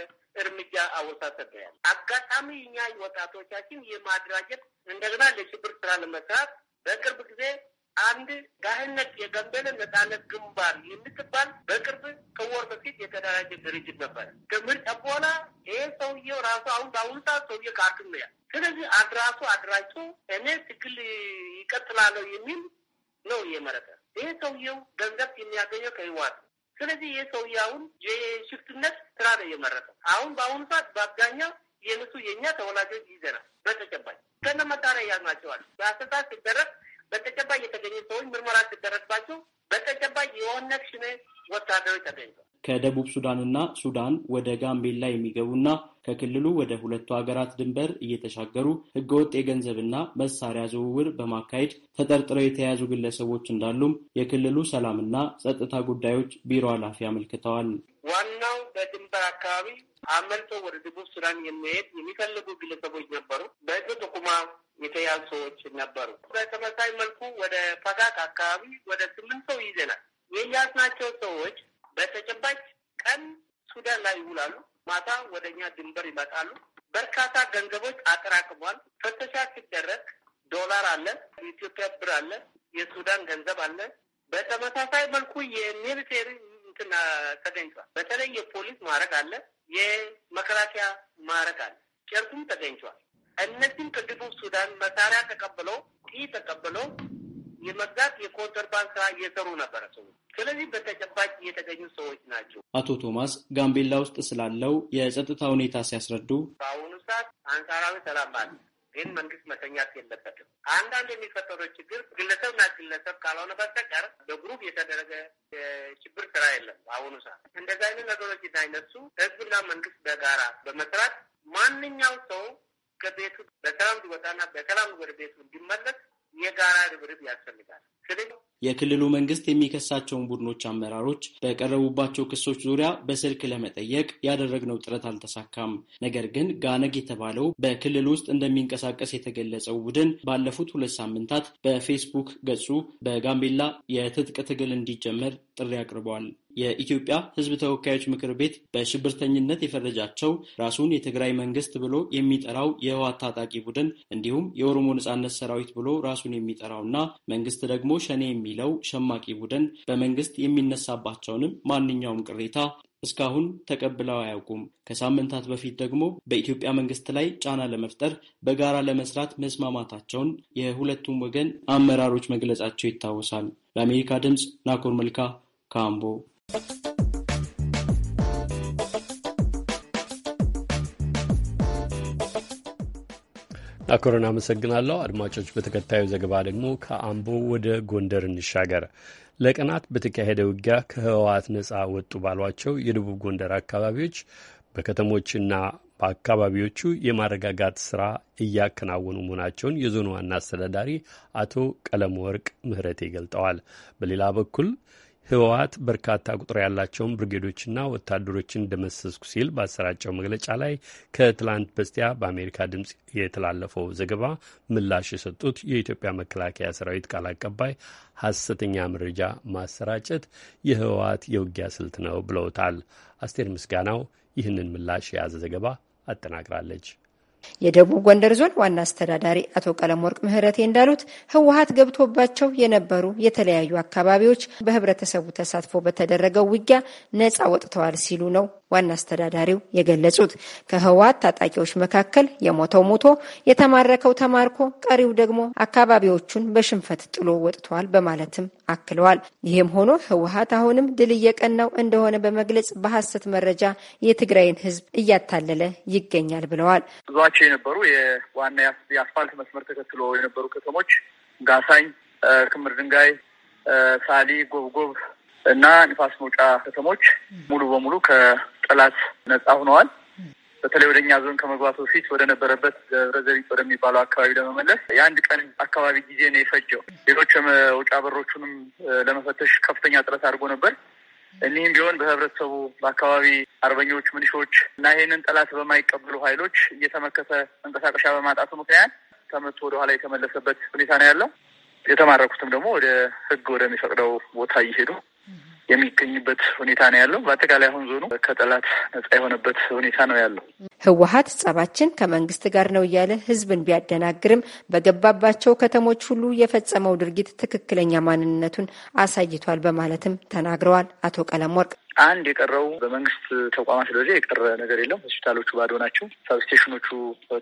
እርምጃ አወሳሰብ ያለ አጋጣሚ እኛ ወጣቶቻችን የማደራጀት እንደገና ለሽብር ስራ ለመስራት በቅርብ ጊዜ አንድ ጋህነት የገንበለ ነጻነት ግንባር የምትባል በቅርብ ከወር በፊት የተደራጀ ድርጅት ነበረ። ከምርጫ በኋላ ይህ ሰውዬው ራሱ አሁን በአሁኑ ሰዓት ሰውዬ ካርቱም ነው ያለ። ስለዚህ አድራሱ አድራጩ እኔ ትግል ይቀጥላለሁ የሚል ነው እየመረጠ ይህ ሰውዬው ገንዘብ የሚያገኘው ከህዋት ስለዚህ ይህ ሰውዬ አሁን የሽፍትነት ስራ ነው የመረጠው። አሁን በአሁኑ ሰዓት በአብዛኛው የንሱ የእኛ ተወላጆች ይዘናል። በተጨባጭ ከነ መሳሪያ ያዝናቸዋል። በአሰሳት ሲደረግ በተጨባጭ የተገኘ ሰዎች ምርመራ ሲደረግባቸው በተጨባጭ የኦነግ ሸኔ ወታደሮች ተገኝተው ከደቡብ ሱዳንና ሱዳን ወደ ጋምቤላ የሚገቡና ከክልሉ ወደ ሁለቱ ሀገራት ድንበር እየተሻገሩ ህገወጥ የገንዘብና መሳሪያ ዝውውር በማካሄድ ተጠርጥረው የተያዙ ግለሰቦች እንዳሉም የክልሉ ሰላምና ጸጥታ ጉዳዮች ቢሮ ኃላፊ አመልክተዋል። ዋናው በድንበር አካባቢ አመልጦ ወደ ደቡብ ሱዳን የሚሄድ የሚፈልጉ ግለሰቦች ነበሩ። በህዝብ ጥቁማ የተያዙ ሰዎች ነበሩ። በተመሳይ መልኩ ወደ ፈጋት አካባቢ ወደ ስምንት ሰው ይዘናል። የያዝናቸው ሰዎች በተጨባጭ ቀን ሱዳን ላይ ይውላሉ፣ ማታ ወደ እኛ ድንበር ይመጣሉ። በርካታ ገንዘቦች አጠራቅሟል። ፍተሻ ሲደረግ ዶላር አለ፣ የኢትዮጵያ ብር አለ፣ የሱዳን ገንዘብ አለ። በተመሳሳይ መልኩ የሚሊቴሪ እንትና ተገኝቷል። በተለይ የፖሊስ ማዕረግ አለ፣ የመከላከያ ማዕረግ አለ፣ ጨርቁም ተገኝቷል። እነዚህም ቅድቡ ሱዳን መሳሪያ ተቀብለው ጢ ተቀብለው የመግዛት የኮንትሮባንድ ስራ እየሰሩ ነበረ ሰዎች። ስለዚህ በተጨባጭ የተገኙ ሰዎች ናቸው። አቶ ቶማስ ጋምቤላ ውስጥ ስላለው የጸጥታ ሁኔታ ሲያስረዱ በአሁኑ ሰዓት አንጻራዊ ሰላም አለ ግን መንግስት መተኛት የለበትም። አንዳንድ የሚፈጠረው ችግር ግለሰብና ግለሰብ ካልሆነ በስተቀር በግሩፕ የተደረገ ችግር ስራ የለም። በአሁኑ ሰዓት እንደዚህ አይነት ነገሮች እንዳይነሱ ህዝብና መንግስት በጋራ በመስራት ማንኛው ሰው ከቤቱ በሰላም እንዲወጣና በሰላም ወደ ቤቱ እንዲመለስ የጋራ ርብርብ ያስፈልጋል። የክልሉ መንግስት የሚከሳቸውን ቡድኖች አመራሮች በቀረቡባቸው ክሶች ዙሪያ በስልክ ለመጠየቅ ያደረግነው ጥረት አልተሳካም። ነገር ግን ጋነግ የተባለው በክልል ውስጥ እንደሚንቀሳቀስ የተገለጸው ቡድን ባለፉት ሁለት ሳምንታት በፌስቡክ ገጹ በጋምቤላ የትጥቅ ትግል እንዲጀመር ጥሪ አቅርቧል። የኢትዮጵያ ሕዝብ ተወካዮች ምክር ቤት በሽብርተኝነት የፈረጃቸው ራሱን የትግራይ መንግስት ብሎ የሚጠራው የህወሓት ታጣቂ ቡድን እንዲሁም የኦሮሞ ነጻነት ሰራዊት ብሎ ራሱን የሚጠራውና መንግስት ደግሞ ሸኔ የሚለው ሸማቂ ቡድን በመንግስት የሚነሳባቸውንም ማንኛውም ቅሬታ እስካሁን ተቀብለው አያውቁም። ከሳምንታት በፊት ደግሞ በኢትዮጵያ መንግስት ላይ ጫና ለመፍጠር በጋራ ለመስራት መስማማታቸውን የሁለቱም ወገን አመራሮች መግለጻቸው ይታወሳል። ለአሜሪካ ድምፅ ናኮር መልካ ካምቦ አኮረን አመሰግናለሁ። አድማጮች፣ በተከታዩ ዘገባ ደግሞ ከአምቦ ወደ ጎንደር እንሻገር። ለቀናት በተካሄደ ውጊያ ከህወሓት ነጻ ወጡ ባሏቸው የደቡብ ጎንደር አካባቢዎች በከተሞችና በአካባቢዎቹ የማረጋጋት ስራ እያከናወኑ መሆናቸውን የዞኑ ዋና አስተዳዳሪ አቶ ቀለም ወርቅ ምህረቴ ገልጠዋል። በሌላ በኩል ህወሓት በርካታ ቁጥር ያላቸውን ብርጌዶችና ወታደሮችን ደመሰስኩ ሲል ባሰራጨው መግለጫ ላይ ከትላንት በስቲያ በአሜሪካ ድምፅ የተላለፈው ዘገባ ምላሽ የሰጡት የኢትዮጵያ መከላከያ ሰራዊት ቃል አቀባይ ሐሰተኛ መረጃ ማሰራጨት የህወሓት የውጊያ ስልት ነው ብለውታል። አስቴር ምስጋናው ይህንን ምላሽ የያዘ ዘገባ አጠናቅራለች። የደቡብ ጎንደር ዞን ዋና አስተዳዳሪ አቶ ቀለም ወርቅ ምህረቴ እንዳሉት ህወሀት ገብቶባቸው የነበሩ የተለያዩ አካባቢዎች በህብረተሰቡ ተሳትፎ በተደረገው ውጊያ ነጻ ወጥተዋል ሲሉ ነው ዋና አስተዳዳሪው የገለጹት። ከህወሓት ታጣቂዎች መካከል የሞተው ሞቶ፣ የተማረከው ተማርኮ፣ ቀሪው ደግሞ አካባቢዎቹን በሽንፈት ጥሎ ወጥቷል በማለትም አክለዋል። ይህም ሆኖ ህወሓት አሁንም ድል እየቀናው እንደሆነ በመግለጽ በሐሰት መረጃ የትግራይን ህዝብ እያታለለ ይገኛል ብለዋል። ብዙቸው የነበሩ የዋና የአስፋልት መስመር ተከትሎ የነበሩ ከተሞች ጋሳኝ፣ ክምር ድንጋይ፣ ሳሊ፣ ጎብጎብ እና ንፋስ መውጫ ከተሞች ሙሉ በሙሉ ከ ጠላት ነጻ ሆነዋል። በተለይ ወደ እኛ ዞን ከመግባቱ በፊት ወደ ነበረበት ደብረ ወደሚባለው አካባቢ ለመመለስ የአንድ ቀን አካባቢ ጊዜ ነው የፈጀው። ሌሎች የመውጫ በሮቹንም ለመፈተሽ ከፍተኛ ጥረት አድርጎ ነበር። እኒህም ቢሆን በህብረተሰቡ በአካባቢ አርበኞች፣ ምንሾች እና ይህንን ጠላት በማይቀበሉ ኃይሎች እየተመከተ መንቀሳቀሻ በማጣቱ ምክንያት ተመቶ ወደኋላ የተመለሰበት ሁኔታ ነው ያለው። የተማረኩትም ደግሞ ወደ ህግ ወደሚፈቅደው ቦታ እየሄዱ የሚገኝበት ሁኔታ ነው ያለው። በአጠቃላይ አሁን ዞኑ ከጠላት ነጻ የሆነበት ሁኔታ ነው ያለው። ህወሀት ጸባችን ከመንግስት ጋር ነው እያለ ህዝብን ቢያደናግርም በገባባቸው ከተሞች ሁሉ የፈጸመው ድርጊት ትክክለኛ ማንነቱን አሳይቷል በማለትም ተናግረዋል አቶ ቀለም ወርቅ አንድ የቀረው በመንግስት ተቋማት ደረጃ የቀረ ነገር የለም። ሆስፒታሎቹ ባዶ ናቸው። ሰብስቴሽኖቹ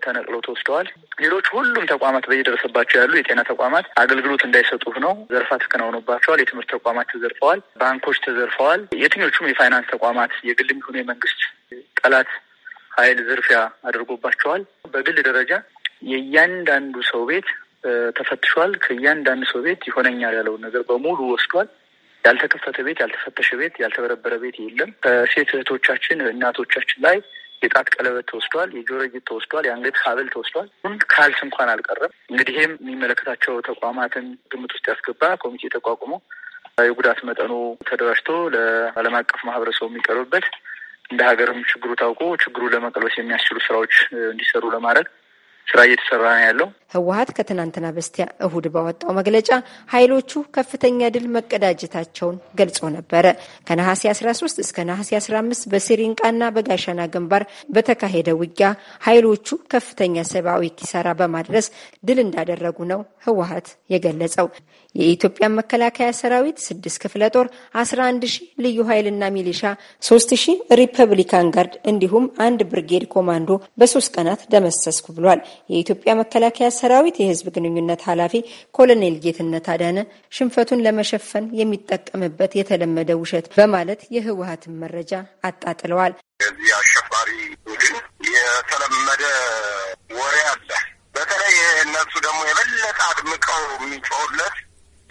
ተነቅለው ተወስደዋል። ሌሎች ሁሉም ተቋማት በየደረሰባቸው ያሉ የጤና ተቋማት አገልግሎት እንዳይሰጡ ነው ዘርፋ ተከናውኖባቸዋል። የትምህርት ተቋማት ተዘርፈዋል። ባንኮች ተዘርፈዋል። የትኞቹም የፋይናንስ ተቋማት የግል ይሁኑ የመንግስት ጠላት ኃይል ዝርፊያ አድርጎባቸዋል። በግል ደረጃ የእያንዳንዱ ሰው ቤት ተፈትሿል። ከእያንዳንዱ ሰው ቤት ይሆነኛል ያለውን ነገር በሙሉ ወስዷል። ያልተከፈተ ቤት፣ ያልተፈተሸ ቤት፣ ያልተበረበረ ቤት የለም። ከሴት እህቶቻችን እናቶቻችን ላይ የጣት ቀለበት ተወስዷል፣ የጆሮ ጌጥ ተወስዷል፣ የአንገት ሀብል ተወስዷል። ካልስ እንኳን አልቀረም። እንግዲህ ይህም የሚመለከታቸው ተቋማትን ግምት ውስጥ ያስገባ ኮሚቴ ተቋቁሞ የጉዳት መጠኑ ተደራጅቶ ለዓለም አቀፍ ማህበረሰቡ የሚቀርብበት እንደ ሀገርም ችግሩ ታውቆ ችግሩ ለመቀልበስ የሚያስችሉ ስራዎች እንዲሰሩ ለማድረግ ስራ እየተሰራ ነው ያለው። ህወሀት ከትናንትና በስቲያ እሁድ ባወጣው መግለጫ ኃይሎቹ ከፍተኛ ድል መቀዳጀታቸውን ገልጾ ነበረ። ከነሐሴ 13 እስከ ነሐሴ 15 በሲሪንቃና በጋሻና ግንባር በተካሄደ ውጊያ ኃይሎቹ ከፍተኛ ሰብአዊ ኪሳራ በማድረስ ድል እንዳደረጉ ነው ህወሀት የገለጸው። የኢትዮጵያ መከላከያ ሰራዊት ስድስት ክፍለ ጦር አስራ አንድ ሺህ ልዩ ኃይልና ሚሊሻ ሶስት ሺህ ሪፐብሊካን ጋርድ እንዲሁም አንድ ብርጌድ ኮማንዶ በሶስት ቀናት ደመሰስኩ ብሏል። የኢትዮጵያ መከላከያ ሰራዊት የህዝብ ግንኙነት ኃላፊ ኮሎኔል ጌትነት አዳነ ሽንፈቱን ለመሸፈን የሚጠቀምበት የተለመደ ውሸት በማለት የህወሀትን መረጃ አጣጥለዋል። የዚህ አሸባሪ ቡድን የተለመደ ወሬ አለ። በተለይ እነሱ ደግሞ የበለጠ አድምቀው የሚጮውለት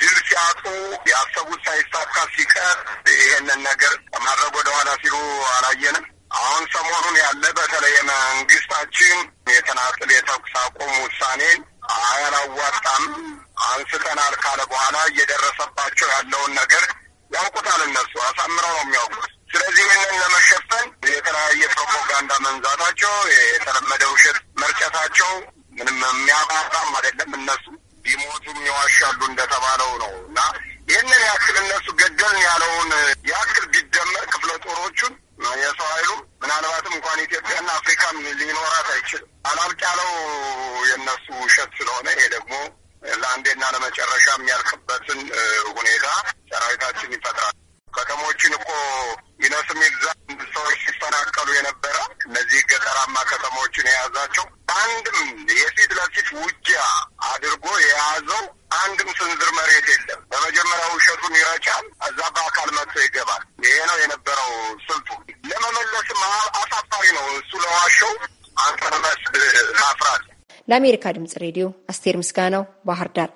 ድል ሲያጡ ያሰቡት ሳይሳካ ሲቀር ይህንን ነገር ማድረግ ወደኋላ ሲሉ አላየንም። አሁን ሰሞኑን ያለ በተለይ መንግስታችን የተናጥል የተኩስ አቁም ውሳኔን አያላዋጣም አንስተናል ካለ በኋላ እየደረሰባቸው ያለውን ነገር ያውቁታል። እነሱ አሳምረው ነው የሚያውቁት። ስለዚህ ይህንን ለመሸፈን የተለያየ ፕሮፓጋንዳ መንዛታቸው፣ የተለመደ ውሸት መርጨታቸው ምንም የሚያባራም አይደለም እነሱ ሊሞቱም ይዋሻሉ እንደተባለው ነው እና ይህንን ያክል እነሱ ገደልን ያለውን ያክል ቢደመር ክፍለ ጦሮቹን የሰው ኃይሉ ምናልባትም እንኳን ኢትዮጵያና አፍሪካም ሊኖራት አይችልም። አላልቅ ያለው የእነሱ ውሸት ስለሆነ ይሄ ደግሞ ለአንዴና ለመጨረሻ የሚያልቅበትን ሁኔታ ሰራዊታችን ይፈጥራል። ከተሞችን እኮ ይነስ የሚግዛ ሰዎች ሲፈናቀሉ የነበረ እነዚህ ገጠራማ ከተሞችን የያዛቸው አንድም የፊት ለፊት ውጊያ አድርጎ የያዘው አንድም ስንዝር መሬት የለም። በመጀመሪያ ውሸቱን ይረጫል፣ እዛ በአካል መጥቶ ይገባል። ይሄ ነው የነበረው ስልቱ። ለመመለስም አሳፋሪ ነው እሱ ለዋሸው ለመስ ማፍራት። ለአሜሪካ ድምጽ ሬዲዮ አስቴር ምስጋናው ባህር ዳር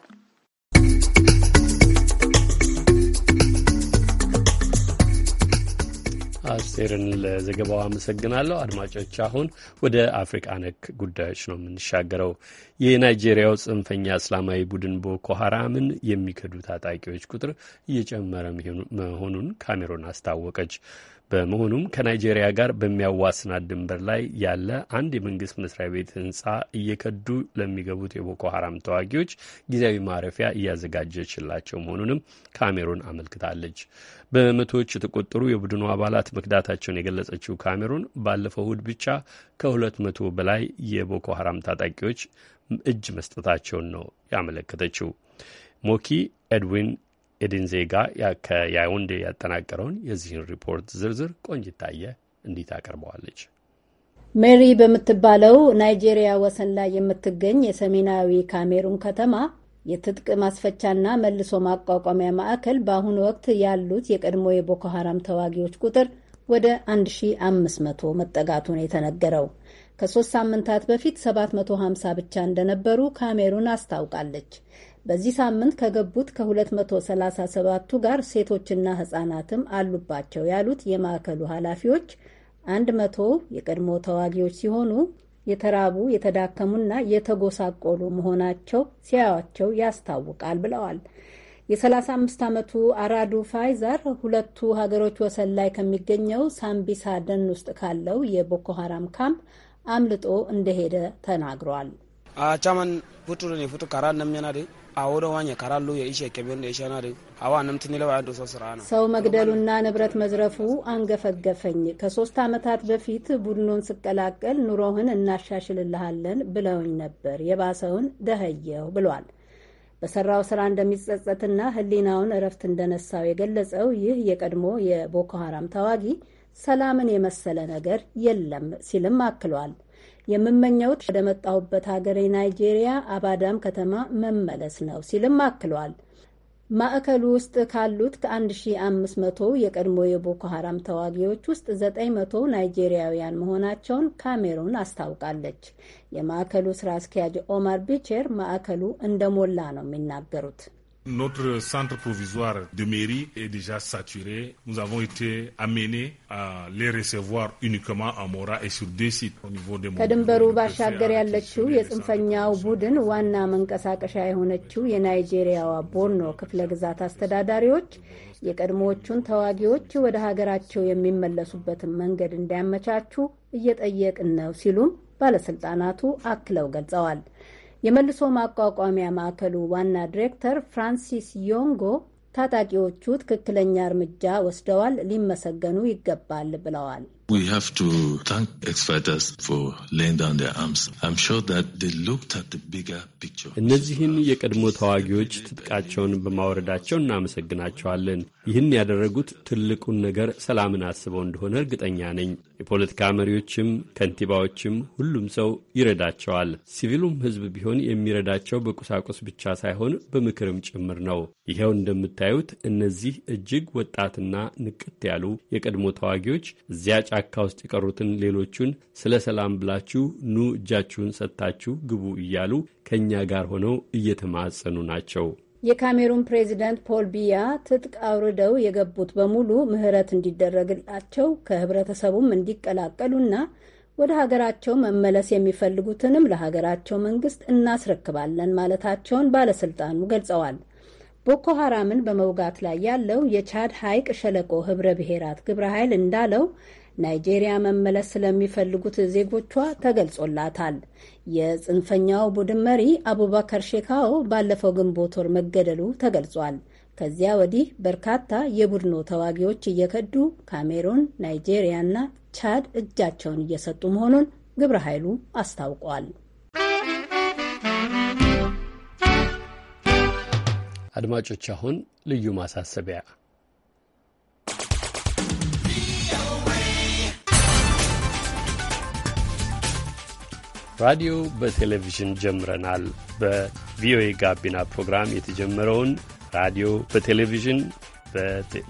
አስቴርን ለዘገባው አመሰግናለሁ። አድማጮች፣ አሁን ወደ አፍሪቃ ነክ ጉዳዮች ነው የምንሻገረው። የናይጄሪያው ጽንፈኛ እስላማዊ ቡድን ቦኮ ሀራምን የሚከዱ ታጣቂዎች ቁጥር እየጨመረ መሆኑን ካሜሮን አስታወቀች። በመሆኑም ከናይጄሪያ ጋር በሚያዋስናት ድንበር ላይ ያለ አንድ የመንግስት መስሪያ ቤት ህንፃ እየከዱ ለሚገቡት የቦኮ ሀራም ተዋጊዎች ጊዜያዊ ማረፊያ እያዘጋጀችላቸው መሆኑንም ካሜሩን አመልክታለች። በመቶዎች የተቆጠሩ የቡድኑ አባላት መክዳታቸውን የገለጸችው ካሜሩን ባለፈው እሁድ ብቻ ከሁለት መቶ በላይ የቦኮ ሀራም ታጣቂዎች እጅ መስጠታቸውን ነው ያመለከተችው። ሞኪ ኤድዊን ኤድን ዜጋ ከያውንዴ ያጠናቀረውን የዚህን ሪፖርት ዝርዝር ቆንጅታየ እንዲት ታቀርበዋለች። ሜሪ በምትባለው ናይጄሪያ ወሰን ላይ የምትገኝ የሰሜናዊ ካሜሩን ከተማ የትጥቅ ማስፈቻና መልሶ ማቋቋሚያ ማዕከል በአሁኑ ወቅት ያሉት የቀድሞ የቦኮ ተዋጊዎች ቁጥር ወደ 1500 መጠጋቱን የተነገረው ከሶስት ሳምንታት በፊት 750 ብቻ እንደነበሩ ካሜሩን አስታውቃለች። በዚህ ሳምንት ከገቡት ከ237ቱ ጋር ሴቶችና ህጻናትም አሉባቸው ያሉት የማዕከሉ ኃላፊዎች አንድ መቶ የቀድሞ ተዋጊዎች ሲሆኑ የተራቡ የተዳከሙና የተጎሳቆሉ መሆናቸው ሲያዩቸው ያስታውቃል ብለዋል። የ35 ዓመቱ አራዱ ፋይዘር ሁለቱ ሀገሮች ወሰን ላይ ከሚገኘው ሳምቢሳ ደን ውስጥ ካለው የቦኮ ሀራም ካምፕ አምልጦ እንደሄደ ተናግሯል። ቻመን ፉቱ ፉቱ ሰው መግደሉና ንብረት መዝረፉ አንገፈገፈኝ። ከሶስት ዓመታት በፊት ቡድኑን ስቀላቀል ኑሮህን እናሻሽልልሃለን ብለውኝ ነበር፣ የባሰውን ደህየው ብሏል። በሰራው ስራ እንደሚጸጸትና ህሊናውን እረፍት እንደነሳው የገለጸው ይህ የቀድሞ የቦኮ ሀራም ተዋጊ ሰላምን የመሰለ ነገር የለም ሲልም አክሏል። የምመኘውት ወደ መጣሁበት ሀገር ናይጄሪያ አባዳም ከተማ መመለስ ነው ሲልም አክሏል። ማዕከሉ ውስጥ ካሉት ከ1500 የቀድሞ የቦኮ ሀራም ተዋጊዎች ውስጥ 900 ናይጄሪያውያን መሆናቸውን ካሜሩን አስታውቃለች። የማዕከሉ ስራ አስኪያጅ ኦማር ቢቼር ማዕከሉ እንደሞላ ነው የሚናገሩት። Notre centre provisoire de mairie est déjà saturé. Nous avons été amenés à les recevoir uniquement à Mora et sur deux sites au niveau de ከድንበሩ ባሻገር ያለችው የጽንፈኛው ቡድን ዋና መንቀሳቀሻ የሆነችው የናይጄሪያዋ ቦርኖ ክፍለ ግዛት አስተዳዳሪዎች የቀድሞዎቹን ተዋጊዎች ወደ ሀገራቸው የሚመለሱበትን መንገድ እንዲያመቻቹ እየጠየቅን ነው ሲሉም ባለስልጣናቱ አክለው ገልጸዋል። የመልሶ ማቋቋሚያ ማዕከሉ ዋና ዲሬክተር ፍራንሲስ ዮንጎ ታጣቂዎቹ ትክክለኛ እርምጃ ወስደዋል፣ ሊመሰገኑ ይገባል ብለዋል። እነዚህን የቀድሞ ተዋጊዎች ትጥቃቸውን በማውረዳቸው እናመሰግናቸዋለን። ይህን ያደረጉት ትልቁን ነገር ሰላምን አስበው እንደሆነ እርግጠኛ ነኝ። የፖለቲካ መሪዎችም ከንቲባዎችም፣ ሁሉም ሰው ይረዳቸዋል። ሲቪሉም ሕዝብ ቢሆን የሚረዳቸው በቁሳቁስ ብቻ ሳይሆን በምክርም ጭምር ነው። ይኸው እንደምታዩት እነዚህ እጅግ ወጣትና ንቅት ያሉ የቀድሞ ተዋጊዎች እዚያ ጫካ ውስጥ የቀሩትን ሌሎቹን ስለ ሰላም ብላችሁ ኑ እጃችሁን ሰጥታችሁ ግቡ እያሉ ከእኛ ጋር ሆነው እየተማጸኑ ናቸው። የካሜሩን ፕሬዚዳንት ፖል ቢያ ትጥቅ አውርደው የገቡት በሙሉ ምህረት እንዲደረግላቸው ከህብረተሰቡም እንዲቀላቀሉና ወደ ሀገራቸው መመለስ የሚፈልጉትንም ለሀገራቸው መንግስት እናስረክባለን ማለታቸውን ባለስልጣኑ ገልጸዋል። ቦኮ ሀራምን በመውጋት ላይ ያለው የቻድ ሐይቅ ሸለቆ ህብረ ብሔራት ግብረ ኃይል እንዳለው ናይጄሪያ መመለስ ስለሚፈልጉት ዜጎቿ ተገልጾላታል። የጽንፈኛው ቡድን መሪ አቡበከር ሼካው ባለፈው ግንቦት ወር መገደሉ ተገልጿል። ከዚያ ወዲህ በርካታ የቡድኑ ተዋጊዎች እየከዱ ካሜሩን፣ ናይጄሪያ እና ቻድ እጃቸውን እየሰጡ መሆኑን ግብረ ኃይሉ አስታውቋል። አድማጮች፣ አሁን ልዩ ማሳሰቢያ ራዲዮ በቴሌቪዥን ጀምረናል። በቪኦኤ ጋቢና ፕሮግራም የተጀመረውን ራዲዮ በቴሌቪዥን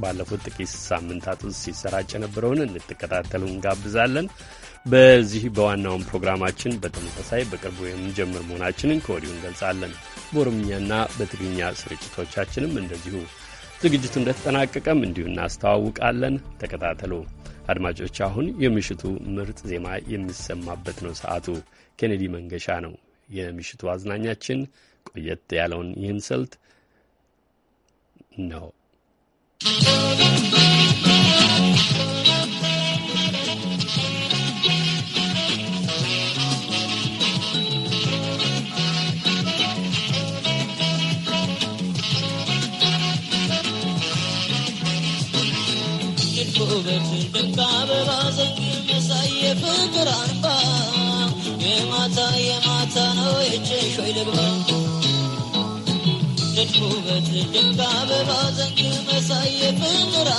ባለፉት ጥቂት ሳምንታት ውስጥ ሲሰራጭ የነበረውን እንድትከታተሉ እንጋብዛለን። በዚህ በዋናውን ፕሮግራማችን በተመሳሳይ በቅርቡ የምንጀምር መሆናችንን ከወዲሁ እንገልጻለን። በኦሮምኛና በትግርኛ ስርጭቶቻችንም እንደዚሁ ዝግጅቱ እንደተጠናቀቀም እንዲሁ እናስተዋውቃለን። ተከታተሉ አድማጮች። አሁን የምሽቱ ምርጥ ዜማ የሚሰማበት ነው ሰዓቱ። ኬኔዲ መንገሻ ነው የምሽቱ አዝናኛችን። ቆየት ያለውን ይህን ስልት ነው። ነው የጨሾ ይልግባ አበባ ዘንግ መሳይ የፍቅር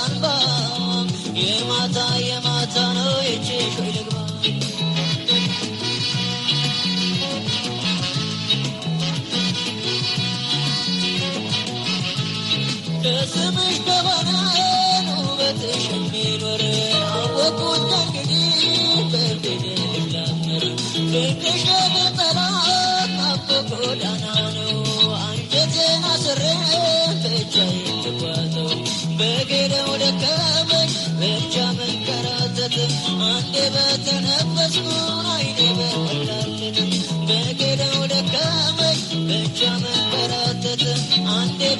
የማታ የማታ ነው የጨሾ ይልግባ አንዴ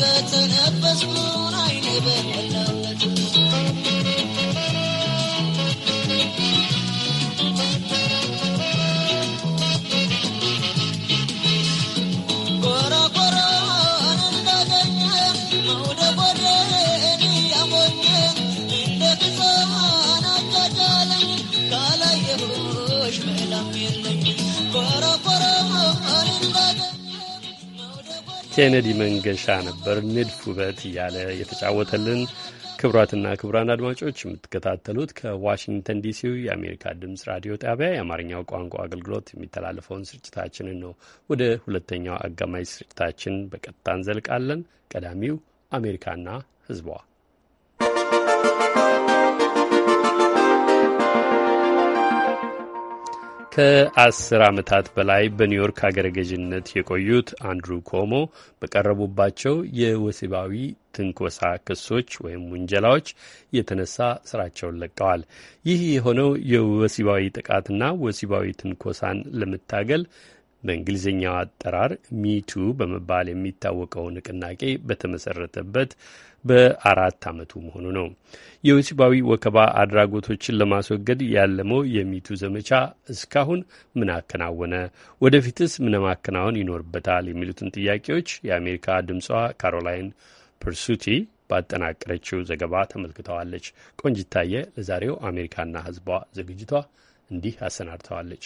በተነበስኩን ኬኔዲ መንገሻ ነበር ንድፍ ውበት እያለ የተጫወተልን። ክቡራትና ክቡራን አድማጮች የምትከታተሉት ከዋሽንግተን ዲሲው የአሜሪካ ድምፅ ራዲዮ ጣቢያ የአማርኛው ቋንቋ አገልግሎት የሚተላለፈውን ስርጭታችንን ነው። ወደ ሁለተኛው አጋማሽ ስርጭታችን በቀጥታ እንዘልቃለን። ቀዳሚው አሜሪካና ሕዝቧ ከአስር ዓመታት በላይ በኒውዮርክ ሀገረ ገዥነት የቆዩት አንድሩ ኮሞ በቀረቡባቸው የወሲባዊ ትንኮሳ ክሶች ወይም ውንጀላዎች የተነሳ ስራቸውን ለቀዋል። ይህ የሆነው የወሲባዊ ጥቃትና ወሲባዊ ትንኮሳን ለመታገል በእንግሊዝኛው አጠራር ሚቱ በመባል የሚታወቀው ንቅናቄ በተመሰረተበት በአራት ዓመቱ መሆኑ ነው። የወሲባዊ ወከባ አድራጎቶችን ለማስወገድ ያለመው የሚቱ ዘመቻ እስካሁን ምን አከናወነ? ወደፊትስ ምን ማከናወን ይኖርበታል? የሚሉትን ጥያቄዎች የአሜሪካ ድምጿ ካሮላይን ፐርሱቲ ባጠናቀረችው ዘገባ ተመልክተዋለች። ቆንጅታየ ለዛሬው አሜሪካና ሕዝቧ ዝግጅቷ እንዲህ አሰናድተዋለች።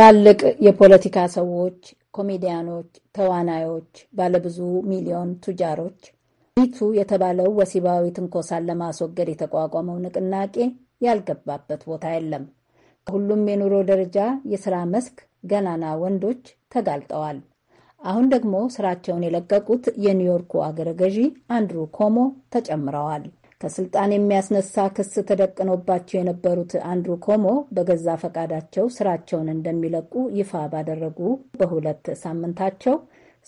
ትላልቅ የፖለቲካ ሰዎች፣ ኮሜዲያኖች፣ ተዋናዮች፣ ባለብዙ ሚሊዮን ቱጃሮች ኢቱ የተባለው ወሲባዊ ትንኮሳን ለማስወገድ የተቋቋመው ንቅናቄ ያልገባበት ቦታ የለም። ከሁሉም የኑሮ ደረጃ፣ የስራ መስክ ገናና ወንዶች ተጋልጠዋል። አሁን ደግሞ ስራቸውን የለቀቁት የኒውዮርኩ አገረ ገዢ አንድሩ ኮሞ ተጨምረዋል። ከስልጣን የሚያስነሳ ክስ ተደቅኖባቸው የነበሩት አንድሩ ኮሞ በገዛ ፈቃዳቸው ስራቸውን እንደሚለቁ ይፋ ባደረጉ በሁለት ሳምንታቸው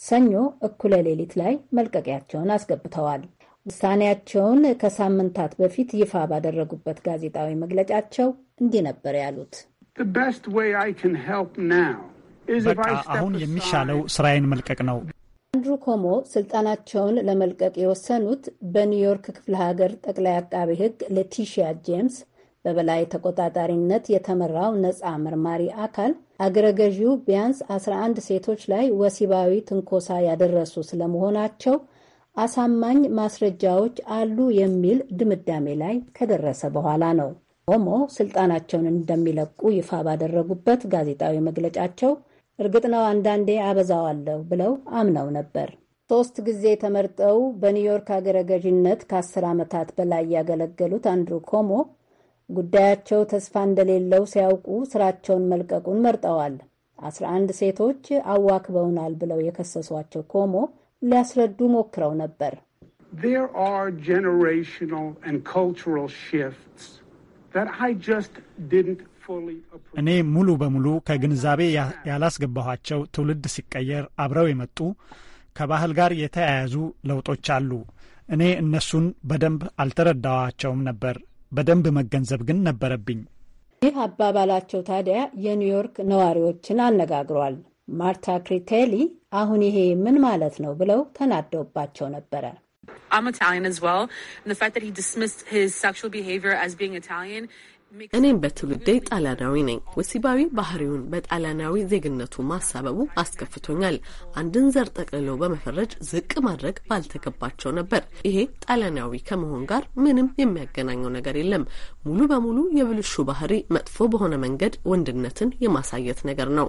ሰኞ እኩለ ሌሊት ላይ መልቀቂያቸውን አስገብተዋል። ውሳኔያቸውን ከሳምንታት በፊት ይፋ ባደረጉበት ጋዜጣዊ መግለጫቸው እንዲህ ነበር ያሉት። በቃ አሁን የሚሻለው ስራዬን መልቀቅ ነው። አንድሩ ኮሞ ስልጣናቸውን ለመልቀቅ የወሰኑት በኒውዮርክ ክፍለ ሀገር ጠቅላይ አቃቤ ሕግ ሌቲሺያ ጄምስ በበላይ ተቆጣጣሪነት የተመራው ነፃ መርማሪ አካል አገረገዢው ቢያንስ 11 ሴቶች ላይ ወሲባዊ ትንኮሳ ያደረሱ ስለመሆናቸው አሳማኝ ማስረጃዎች አሉ የሚል ድምዳሜ ላይ ከደረሰ በኋላ ነው። ኦሞ ስልጣናቸውን እንደሚለቁ ይፋ ባደረጉበት ጋዜጣዊ መግለጫቸው እርግጥ ነው አንዳንዴ አበዛዋለሁ ብለው አምነው ነበር። ሶስት ጊዜ ተመርጠው በኒውዮርክ አገረ ገዥነት ከአስር ዓመታት በላይ ያገለገሉት አንድሩ ኮሞ ጉዳያቸው ተስፋ እንደሌለው ሲያውቁ ስራቸውን መልቀቁን መርጠዋል። አስራ አንድ ሴቶች አዋክበውናል ብለው የከሰሷቸው ኮሞ ሊያስረዱ ሞክረው ነበር። እኔ ሙሉ በሙሉ ከግንዛቤ ያላስገባኋቸው ትውልድ ሲቀየር አብረው የመጡ ከባህል ጋር የተያያዙ ለውጦች አሉ። እኔ እነሱን በደንብ አልተረዳኋቸውም ነበር። በደንብ መገንዘብ ግን ነበረብኝ። ይህ አባባላቸው ታዲያ የኒውዮርክ ነዋሪዎችን አነጋግሯል። ማርታ ክሪቴሊ አሁን ይሄ ምን ማለት ነው ብለው ተናደውባቸው ነበረ። እኔም በትውልዴ ጣሊያናዊ ነኝ። ወሲባዊ ባህሪውን በጣሊያናዊ ዜግነቱ ማሳበቡ አስከፍቶኛል። አንድን ዘር ጠቅልሎ በመፈረጅ ዝቅ ማድረግ ባልተገባቸው ነበር። ይሄ ጣሊያናዊ ከመሆን ጋር ምንም የሚያገናኘው ነገር የለም። ሙሉ በሙሉ የብልሹ ባህሪ መጥፎ በሆነ መንገድ ወንድነትን የማሳየት ነገር ነው።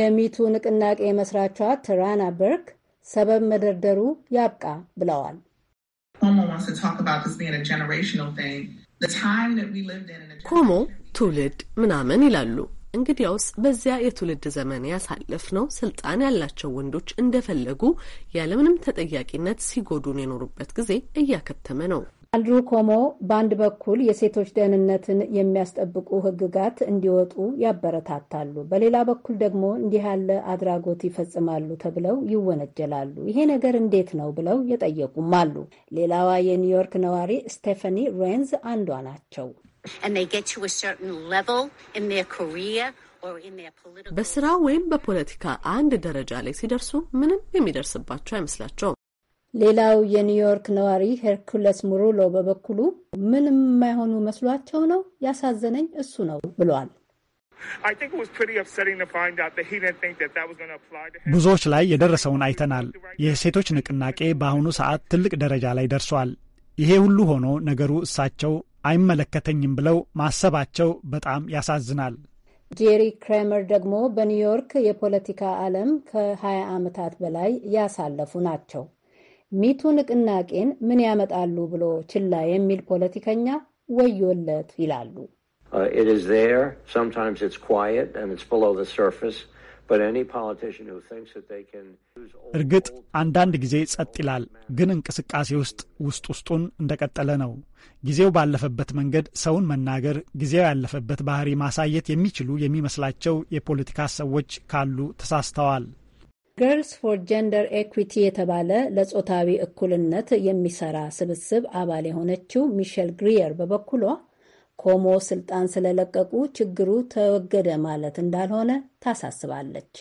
የሚቱ ንቅናቄ መስራቿ ትራና በርክ ሰበብ መደርደሩ ያብቃ ብለዋል። ኮሞ ትውልድ ምናምን ይላሉ። እንግዲያውስ በዚያ የትውልድ ዘመን ያሳለፍ ነው ስልጣን ያላቸው ወንዶች እንደፈለጉ ያለምንም ተጠያቂነት ሲጎዱን የኖሩበት ጊዜ እያከተመ ነው። አንድሩ ኮሞ በአንድ በኩል የሴቶች ደህንነትን የሚያስጠብቁ ሕግጋት እንዲወጡ ያበረታታሉ፣ በሌላ በኩል ደግሞ እንዲህ ያለ አድራጎት ይፈጽማሉ ተብለው ይወነጀላሉ። ይሄ ነገር እንዴት ነው ብለው የጠየቁም አሉ። ሌላዋ የኒውዮርክ ነዋሪ ስቴፈኒ ሬንዝ አንዷ ናቸው። በስራ ወይም በፖለቲካ አንድ ደረጃ ላይ ሲደርሱ ምንም የሚደርስባቸው አይመስላቸውም። ሌላው የኒውዮርክ ነዋሪ ሄርኩለስ ሙሩሎ በበኩሉ ምንም የማይሆኑ መስሏቸው ነው፣ ያሳዘነኝ እሱ ነው ብሏል። ብዙዎች ላይ የደረሰውን አይተናል። የሴቶች ንቅናቄ በአሁኑ ሰዓት ትልቅ ደረጃ ላይ ደርሷል። ይሄ ሁሉ ሆኖ ነገሩ እሳቸው አይመለከተኝም ብለው ማሰባቸው በጣም ያሳዝናል። ጄሪ ክሬመር ደግሞ በኒውዮርክ የፖለቲካ ዓለም ከ20 ዓመታት በላይ ያሳለፉ ናቸው። ሚቱ ንቅናቄን ምን ያመጣሉ ብሎ ችላ የሚል ፖለቲከኛ ወዮለት ይላሉ። uh, እርግጥ አንዳንድ ጊዜ ጸጥ ይላል፣ ግን እንቅስቃሴ ውስጥ ውስጥ ውስጡን እንደቀጠለ ነው። ጊዜው ባለፈበት መንገድ ሰውን መናገር፣ ጊዜው ያለፈበት ባህሪ ማሳየት የሚችሉ የሚመስላቸው የፖለቲካ ሰዎች ካሉ ተሳስተዋል። ገርልስ ፎር ጀንደር ኤኩዊቲ የተባለ ለጾታዊ እኩልነት የሚሰራ ስብስብ አባል የሆነችው ሚሸል ግሪየር በበኩሏ ኮሞ ስልጣን ስለለቀቁ ችግሩ ተወገደ ማለት እንዳልሆነ ታሳስባለች።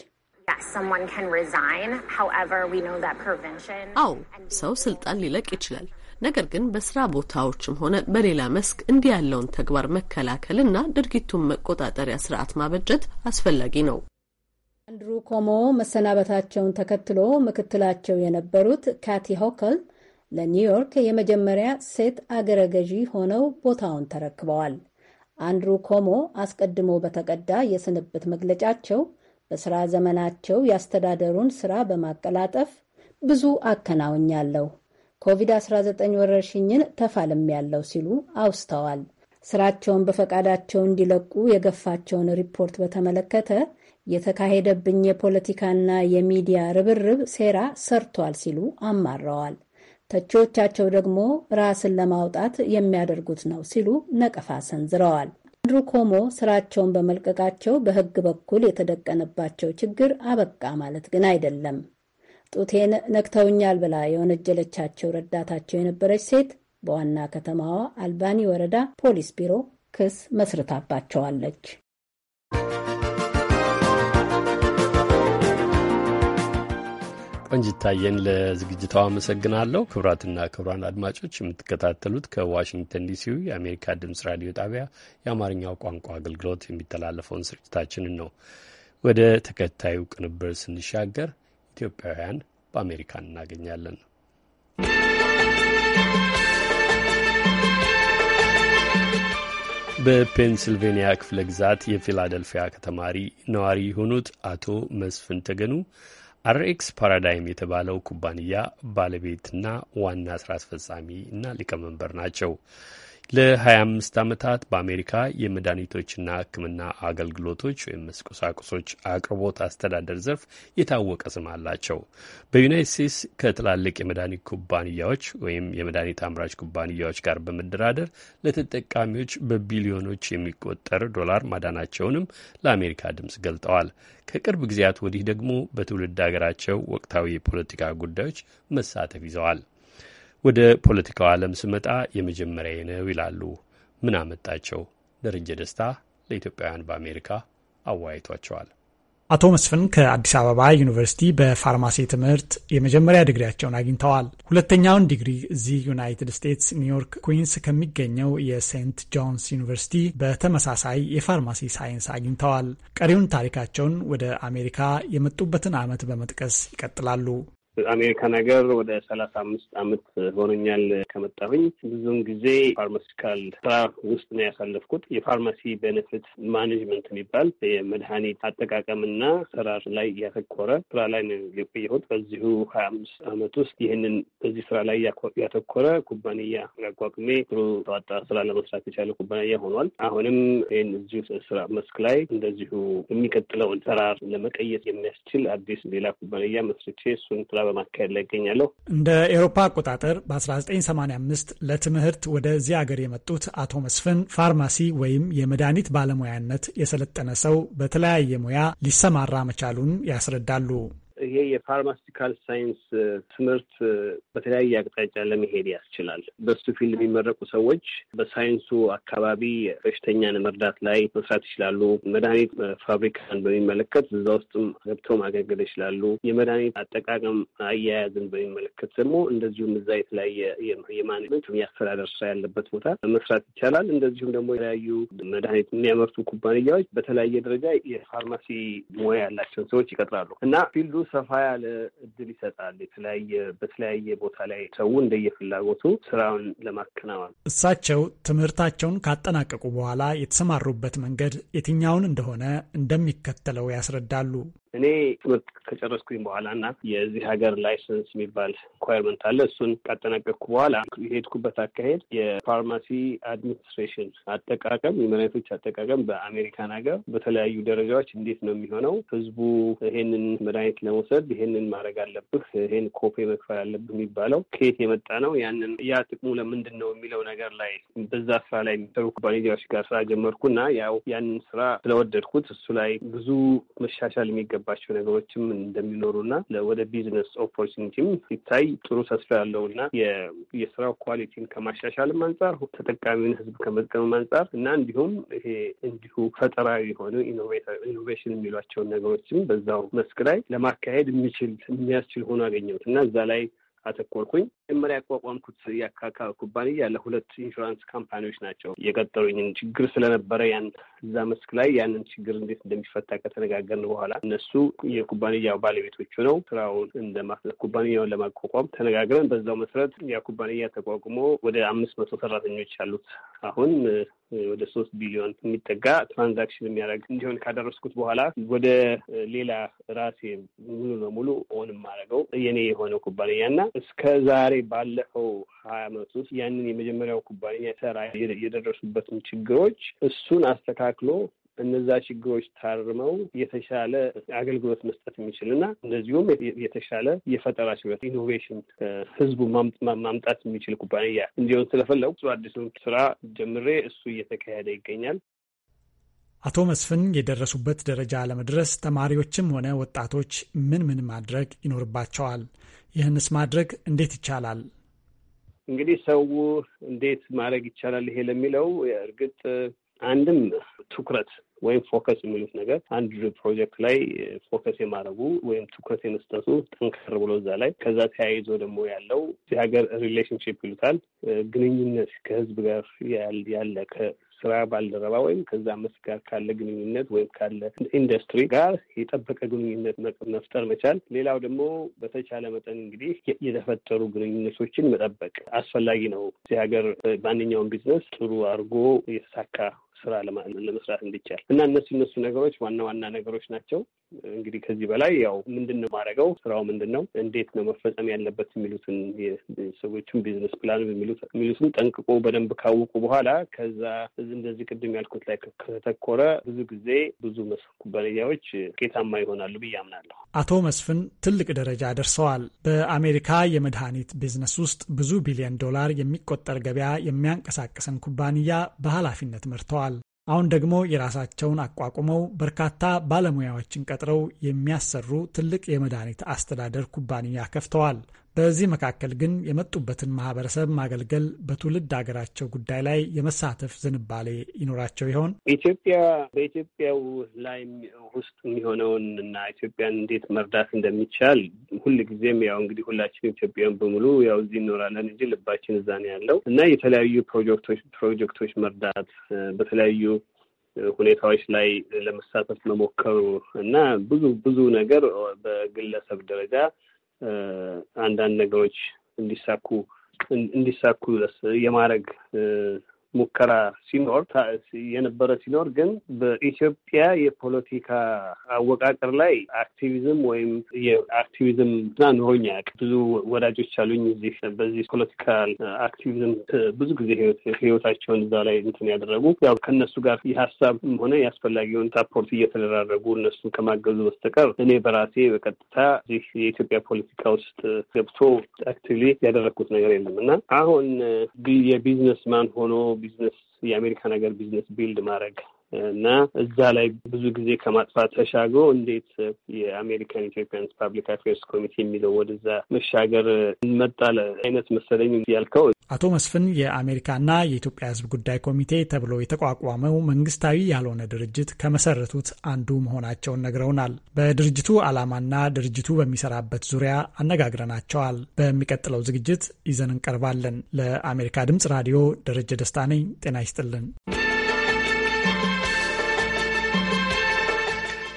አዎ ሰው ስልጣን ሊለቅ ይችላል። ነገር ግን በስራ ቦታዎችም ሆነ በሌላ መስክ እንዲህ ያለውን ተግባር መከላከልና ድርጊቱን መቆጣጠሪያ ስርዓት ማበጀት አስፈላጊ ነው። አንድሩ ኮሞ መሰናበታቸውን ተከትሎ ምክትላቸው የነበሩት ካቲ ሆከል ለኒውዮርክ የመጀመሪያ ሴት አገረ ገዢ ሆነው ቦታውን ተረክበዋል። አንድሩ ኮሞ አስቀድሞ በተቀዳ የስንብት መግለጫቸው በሥራ ዘመናቸው የአስተዳደሩን ሥራ በማቀላጠፍ ብዙ አከናውኛለሁ፣ ኮቪድ-19 ወረርሽኝን ያለው ሲሉ አውስተዋል። ስራቸውን በፈቃዳቸው እንዲለቁ የገፋቸውን ሪፖርት በተመለከተ የተካሄደብኝ የፖለቲካና የሚዲያ ርብርብ ሴራ ሰርቷል ሲሉ አማረዋል። ተቺዎቻቸው ደግሞ ራስን ለማውጣት የሚያደርጉት ነው ሲሉ ነቀፋ ሰንዝረዋል። አንድሩ ኮሞ ስራቸውን በመልቀቃቸው በሕግ በኩል የተደቀነባቸው ችግር አበቃ ማለት ግን አይደለም። ጡቴን ነክተውኛል ብላ የወነጀለቻቸው ረዳታቸው የነበረች ሴት በዋና ከተማዋ አልባኒ ወረዳ ፖሊስ ቢሮ ክስ መስርታባቸዋለች። ቆንጅታየን ለዝግጅቷ አመሰግናለሁ። ክቡራትና ክቡራን አድማጮች የምትከታተሉት ከዋሽንግተን ዲሲው የአሜሪካ ድምጽ ራዲዮ ጣቢያ የአማርኛው ቋንቋ አገልግሎት የሚተላለፈውን ስርጭታችንን ነው። ወደ ተከታዩ ቅንብር ስንሻገር ኢትዮጵያውያን በአሜሪካ እናገኛለን። በፔንስልቬንያ ክፍለ ግዛት የፊላደልፊያ ከተማሪ ነዋሪ የሆኑት አቶ መስፍን ተገኑ አርኤክስ ፓራዳይም የተባለው ኩባንያ ባለቤትና ዋና ስራ አስፈጻሚ እና ሊቀመንበር ናቸው። ለ25 ዓመታት በአሜሪካ የመድኃኒቶችና ሕክምና አገልግሎቶች ወይም ቁሳቁሶች አቅርቦት አስተዳደር ዘርፍ የታወቀ ስም አላቸው። በዩናይት ስቴትስ ከትላልቅ የመድኃኒት ኩባንያዎች ወይም የመድኃኒት አምራች ኩባንያዎች ጋር በመደራደር ለተጠቃሚዎች በቢሊዮኖች የሚቆጠር ዶላር ማዳናቸውንም ለአሜሪካ ድምፅ ገልጠዋል። ከቅርብ ጊዜያት ወዲህ ደግሞ በትውልድ ሀገራቸው ወቅታዊ የፖለቲካ ጉዳዮች መሳተፍ ይዘዋል። ወደ ፖለቲካው ዓለም ስመጣ የመጀመሪያ ነው ይላሉ። ምን አመጣቸው? ደረጀ ደስታ ለኢትዮጵያውያን በአሜሪካ አወያይቷቸዋል። አቶ መስፍን ከአዲስ አበባ ዩኒቨርሲቲ በፋርማሲ ትምህርት የመጀመሪያ ዲግሪያቸውን አግኝተዋል። ሁለተኛውን ዲግሪ እዚህ ዩናይትድ ስቴትስ ኒውዮርክ ኩዊንስ ከሚገኘው የሴንት ጆንስ ዩኒቨርሲቲ በተመሳሳይ የፋርማሲ ሳይንስ አግኝተዋል። ቀሪውን ታሪካቸውን ወደ አሜሪካ የመጡበትን ዓመት በመጥቀስ ይቀጥላሉ። አሜሪካን ሀገር ወደ ሰላሳ አምስት አመት ሆነኛል ከመጣሁኝ። ብዙውን ጊዜ ፋርማሲካል ስራ ውስጥ ነው ያሳለፍኩት። የፋርማሲ ቤኔፊት ማኔጅመንት የሚባል የመድኃኒት አጠቃቀምና ሰራር ላይ ያተኮረ ስራ ላይ ነው የቆየሁት። በዚሁ ሀያ አምስት አመት ውስጥ ይህንን በዚህ ስራ ላይ ያተኮረ ኩባንያ አቋቁሜ ጥሩ ተዋጣ ስራ ለመስራት የቻለ ኩባንያ ሆኗል። አሁንም ይህን እዚሁ ስራ መስክ ላይ እንደዚሁ የሚቀጥለውን ሰራር ለመቀየስ የሚያስችል አዲስ ሌላ ኩባንያ መስርቼ እሱን ስራ በማካሄድ ላይ ይገኛለሁ። እንደ ኤሮፓ አቆጣጠር በ1985 ለትምህርት ወደዚህ አገር የመጡት አቶ መስፍን ፋርማሲ ወይም የመድኃኒት ባለሙያነት የሰለጠነ ሰው በተለያየ ሙያ ሊሰማራ መቻሉን ያስረዳሉ። ይሄ የፋርማሲቲካል ሳይንስ ትምህርት በተለያየ አቅጣጫ ለመሄድ ያስችላል። በሱ ፊልድ የሚመረቁ ሰዎች በሳይንሱ አካባቢ በሽተኛን መርዳት ላይ መስራት ይችላሉ። መድኃኒት ፋብሪካን በሚመለከት እዛ ውስጥም ገብተው ማገልገል ይችላሉ። የመድኃኒት አጠቃቀም አያያዝን በሚመለከት ደግሞ እንደዚሁም እዛ የተለያየ የማኔጅመንት የአስተዳደር ስራ ያለበት ቦታ መስራት ይቻላል። እንደዚሁም ደግሞ የተለያዩ መድኃኒት የሚያመርቱ ኩባንያዎች በተለያየ ደረጃ የፋርማሲ ሙያ ያላቸውን ሰዎች ይቀጥራሉ እና ፊልዱ ሰፋ ያለ እድል ይሰጣል። የተለያየ በተለያየ ቦታ ላይ ሰው እንደየፍላጎቱ ስራውን ለማከናወን። እሳቸው ትምህርታቸውን ካጠናቀቁ በኋላ የተሰማሩበት መንገድ የትኛውን እንደሆነ እንደሚከተለው ያስረዳሉ። እኔ ትምህርት ከጨረስኩኝ በኋላ እና የዚህ ሀገር ላይሰንስ የሚባል ኳርመንት አለ። እሱን ካጠናቀቅኩ በኋላ የሄድኩበት አካሄድ የፋርማሲ አድሚኒስትሬሽን አጠቃቀም፣ የመድኃኒቶች አጠቃቀም በአሜሪካን ሀገር በተለያዩ ደረጃዎች እንዴት ነው የሚሆነው? ህዝቡ ይሄንን መድኃኒት ለመውሰድ ይሄንን ማድረግ አለብህ፣ ይሄን ኮፔ መክፈል አለብህ የሚባለው ከየት የመጣ ነው? ያንን ያ ጥቅሙ ለምንድን ነው የሚለው ነገር ላይ በዛ ስራ ላይ የሚሰሩ ኩባንያዎች ጋር ስራ እና ያው ያንን ስራ ስለወደድኩት እሱ ላይ ብዙ መሻሻል የሚገባ የሚገባቸው ነገሮችም እንደሚኖሩና ወደ ቢዝነስ ኦፖርቹኒቲም ሲታይ ጥሩ ተስፋ ያለውና የስራው ኳሊቲን ከማሻሻልም አንጻር ተጠቃሚውን ህዝብ ከመጥቀምም አንጻር እና እንዲሁም ይሄ እንዲሁ ፈጠራዊ የሆኑ ኢኖቬሽን የሚሏቸውን ነገሮችም በዛው መስክ ላይ ለማካሄድ የሚችል የሚያስችል ሆኖ አገኘሁት እና እዛ ላይ አተኮርኩኝ። መጀመሪያ ያቋቋምኩት ኩባንያ ለሁለት ኢንሹራንስ ካምፓኒዎች ናቸው የቀጠሩኝን ችግር ስለነበረ ያን እዛ መስክ ላይ ያንን ችግር እንዴት እንደሚፈታ ከተነጋገርን በኋላ እነሱ የኩባንያው ባለቤቶቹ ነው ስራውን እንደማስለ ኩባንያውን ለማቋቋም ተነጋግረን በዛው መሰረት ያ ኩባንያ ተቋቁሞ ወደ አምስት መቶ ሰራተኞች አሉት አሁን ወደ ሶስት ቢሊዮን የሚጠጋ ትራንዛክሽን የሚያደርግ እንዲሆን ካደረስኩት በኋላ ወደ ሌላ ራሴ ሙሉ ለሙሉ ኦን የማደርገው የኔ የሆነ ኩባንያ እና እስከ ዛሬ ባለፈው ሀያ አመት ውስጥ ያንን የመጀመሪያው ኩባንያ ሰራ የደረሱበትን ችግሮች እሱን አስተካክሎ እነዛ ችግሮች ታርመው የተሻለ አገልግሎት መስጠት የሚችል እና እንደዚሁም የተሻለ የፈጠራ ችሎት ኢኖቬሽን ህዝቡ ማምጣት የሚችል ኩባንያ እንዲሆን ስለፈለጉ አዲሱን ስራ ጀምሬ እሱ እየተካሄደ ይገኛል። አቶ መስፍን የደረሱበት ደረጃ ለመድረስ ተማሪዎችም ሆነ ወጣቶች ምን ምን ማድረግ ይኖርባቸዋል? ይህንስ ማድረግ እንዴት ይቻላል? እንግዲህ ሰው እንዴት ማድረግ ይቻላል ይሄ ለሚለው እርግጥ አንድም ትኩረት ወይም ፎከስ የሚሉት ነገር አንድ ፕሮጀክት ላይ ፎከስ የማድረጉ ወይም ትኩረት የመስጠቱ ጠንከር ብሎ እዛ ላይ ከዛ ተያይዞ ደግሞ ያለው ሀገር ሪሌሽንሽፕ ይሉታል ግንኙነት ከህዝብ ጋር ያለ ስራ ባልደረባ ወይም ከዛ መስክ ጋር ካለ ግንኙነት ወይም ካለ ኢንዱስትሪ ጋር የጠበቀ ግንኙነት መፍጠር መቻል። ሌላው ደግሞ በተቻለ መጠን እንግዲህ የተፈጠሩ ግንኙነቶችን መጠበቅ አስፈላጊ ነው። እዚህ ሀገር ማንኛውም ቢዝነስ ጥሩ አድርጎ የተሳካ ስራ ለመስራት እንዲቻል እና እነሱ እነሱ ነገሮች ዋና ዋና ነገሮች ናቸው። እንግዲህ ከዚህ በላይ ያው ምንድን ነው ማድረገው ስራው ምንድን ነው እንዴት ነው መፈጸም ያለበት የሚሉትን ሰዎቹን ቢዝነስ ፕላን የሚሉትን ጠንቅቆ በደንብ ካወቁ በኋላ ከዛ እንደዚህ ቅድም ያልኩት ላይ ከተተኮረ ብዙ ጊዜ ብዙ ኩባንያዎች ውጤታማ ይሆናሉ ብዬ አምናለሁ። አቶ መስፍን ትልቅ ደረጃ ደርሰዋል። በአሜሪካ የመድኃኒት ቢዝነስ ውስጥ ብዙ ቢሊዮን ዶላር የሚቆጠር ገበያ የሚያንቀሳቅሰን ኩባንያ በኃላፊነት መርተዋል። አሁን ደግሞ የራሳቸውን አቋቁመው በርካታ ባለሙያዎችን ቀጥረው የሚያሰሩ ትልቅ የመድኃኒት አስተዳደር ኩባንያ ከፍተዋል። በዚህ መካከል ግን የመጡበትን ማህበረሰብ ማገልገል፣ በትውልድ ሀገራቸው ጉዳይ ላይ የመሳተፍ ዝንባሌ ይኖራቸው ይሆን? ኢትዮጵያ በኢትዮጵያው ላይ ውስጥ የሚሆነውን እና ኢትዮጵያን እንዴት መርዳት እንደሚቻል ጊዜም ያው እንግዲህ ሁላችን ኢትዮጵያን በሙሉ ያው እዚህ እንኖራለን እንጂ ልባችን እዛ ነው ያለው እና የተለያዩ ፕሮጀክቶች ፕሮጀክቶች መርዳት በተለያዩ ሁኔታዎች ላይ ለመሳተፍ መሞከሩ እና ብዙ ብዙ ነገር በግለሰብ ደረጃ አንዳንድ ነገሮች እንዲሳኩ እንዲሳኩ የማድረግ ሙከራ ሲኖር የነበረ ሲኖር ግን በኢትዮጵያ የፖለቲካ አወቃቀር ላይ አክቲቪዝም ወይም የአክቲቪዝም ና ኑሮኛ ብዙ ወዳጆች አሉኝ እዚህ በዚህ ፖለቲካል አክቲቪዝም ብዙ ጊዜ ህይወታቸውን እዛ ላይ እንትን ያደረጉ ያው ከእነሱ ጋር የሀሳብ ሆነ የአስፈላጊውን ሳፖርት እየተደራረጉ እነሱን ከማገዙ በስተቀር እኔ በራሴ በቀጥታ እዚህ የኢትዮጵያ ፖለቲካ ውስጥ ገብቶ አክቲቪ ያደረግኩት ነገር የለም እና አሁን የቢዝነስ ማን ሆኖ ቢዝነስ የአሜሪካን ሀገር ቢዝነስ ቢልድ ማድረግ እና እዛ ላይ ብዙ ጊዜ ከማጥፋት ተሻግሮ እንዴት የአሜሪካን ኢትዮጵያንስ ፓብሊክ አፌርስ ኮሚቴ የሚለው ወደዛ መሻገር እንመጣል አይነት መሰለኝ ያልከው አቶ መስፍን የአሜሪካና የኢትዮጵያ ሕዝብ ጉዳይ ኮሚቴ ተብሎ የተቋቋመው መንግስታዊ ያልሆነ ድርጅት ከመሰረቱት አንዱ መሆናቸውን ነግረውናል። በድርጅቱ ዓላማና ድርጅቱ በሚሰራበት ዙሪያ አነጋግረናቸዋል። በሚቀጥለው ዝግጅት ይዘን እንቀርባለን። ለአሜሪካ ድምጽ ራዲዮ ደረጀ ደስታ ነኝ። ጤና ይስጥልን።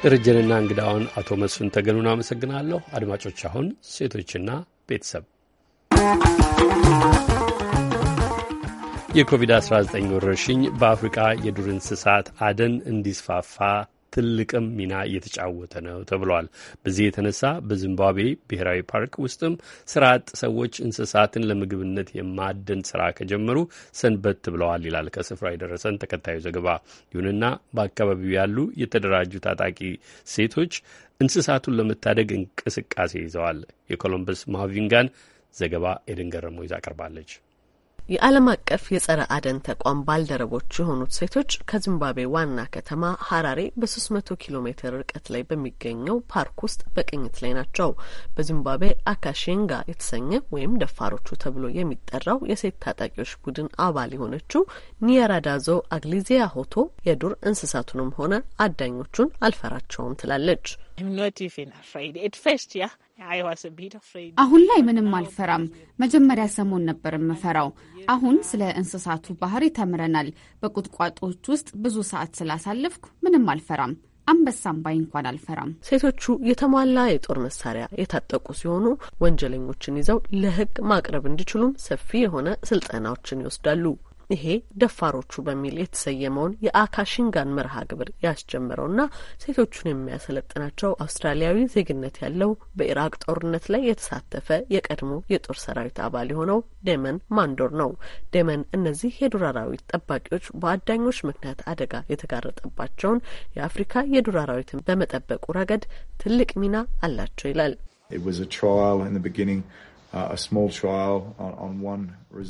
ደረጀንና እንግዳውን አቶ መስፍን ተገኑን አመሰግናለሁ። አድማጮች፣ አሁን ሴቶችና ቤተሰብ የኮቪድ-19 ወረርሽኝ በአፍሪቃ የዱር እንስሳት አደን እንዲስፋፋ ትልቅም ሚና እየተጫወተ ነው ተብሏል። በዚህ የተነሳ በዚምባብዌ ብሔራዊ ፓርክ ውስጥም ስራ አጥ ሰዎች እንስሳትን ለምግብነት የማደን ስራ ከጀመሩ ሰንበት ብለዋል ይላል ከስፍራ የደረሰን ተከታዩ ዘገባ። ይሁንና በአካባቢው ያሉ የተደራጁ ታጣቂ ሴቶች እንስሳቱን ለመታደግ እንቅስቃሴ ይዘዋል። የኮሎምበስ ማቪንጋን ዘገባ ኤደን ገረሞ ይዛ ቀርባለች። የዓለም አቀፍ የጸረ አደን ተቋም ባልደረቦች የሆኑት ሴቶች ከዚምባብዌ ዋና ከተማ ሀራሬ በሶስት መቶ ኪሎ ሜትር ርቀት ላይ በሚገኘው ፓርክ ውስጥ በቅኝት ላይ ናቸው። በዚምባብዌ አካሼንጋ የተሰኘ ወይም ደፋሮቹ ተብሎ የሚጠራው የሴት ታጣቂዎች ቡድን አባል የሆነችው ኒየራዳዞ አግሊዚያ ሆቶ የዱር እንስሳቱንም ሆነ አዳኞቹን አልፈራቸውም ትላለች። አሁን ላይ ምንም አልፈራም። መጀመሪያ ሰሞን ነበር የምፈራው። አሁን ስለ እንስሳቱ ባህሪ ተምረናል። በቁጥቋጦዎች ውስጥ ብዙ ሰዓት ስላሳለፍኩ ምንም አልፈራም። አንበሳም ባይ እንኳን አልፈራም። ሴቶቹ የተሟላ የጦር መሳሪያ የታጠቁ ሲሆኑ ወንጀለኞችን ይዘው ለሕግ ማቅረብ እንዲችሉም ሰፊ የሆነ ስልጠናዎችን ይወስዳሉ። ይሄ ደፋሮቹ በሚል የተሰየመውን የአካሽንጋን መርሃ ግብር ያስጀመረውና ሴቶቹን የሚያሰለጥናቸው አውስትራሊያዊ ዜግነት ያለው በኢራቅ ጦርነት ላይ የተሳተፈ የቀድሞ የጦር ሰራዊት አባል የሆነው ደመን ማንዶር ነው። ዴመን እነዚህ የዱር አራዊት ጠባቂዎች በአዳኞች ምክንያት አደጋ የተጋረጠባቸውን የአፍሪካ የዱር አራዊትን በመጠበቁ ረገድ ትልቅ ሚና አላቸው ይላል። Uh,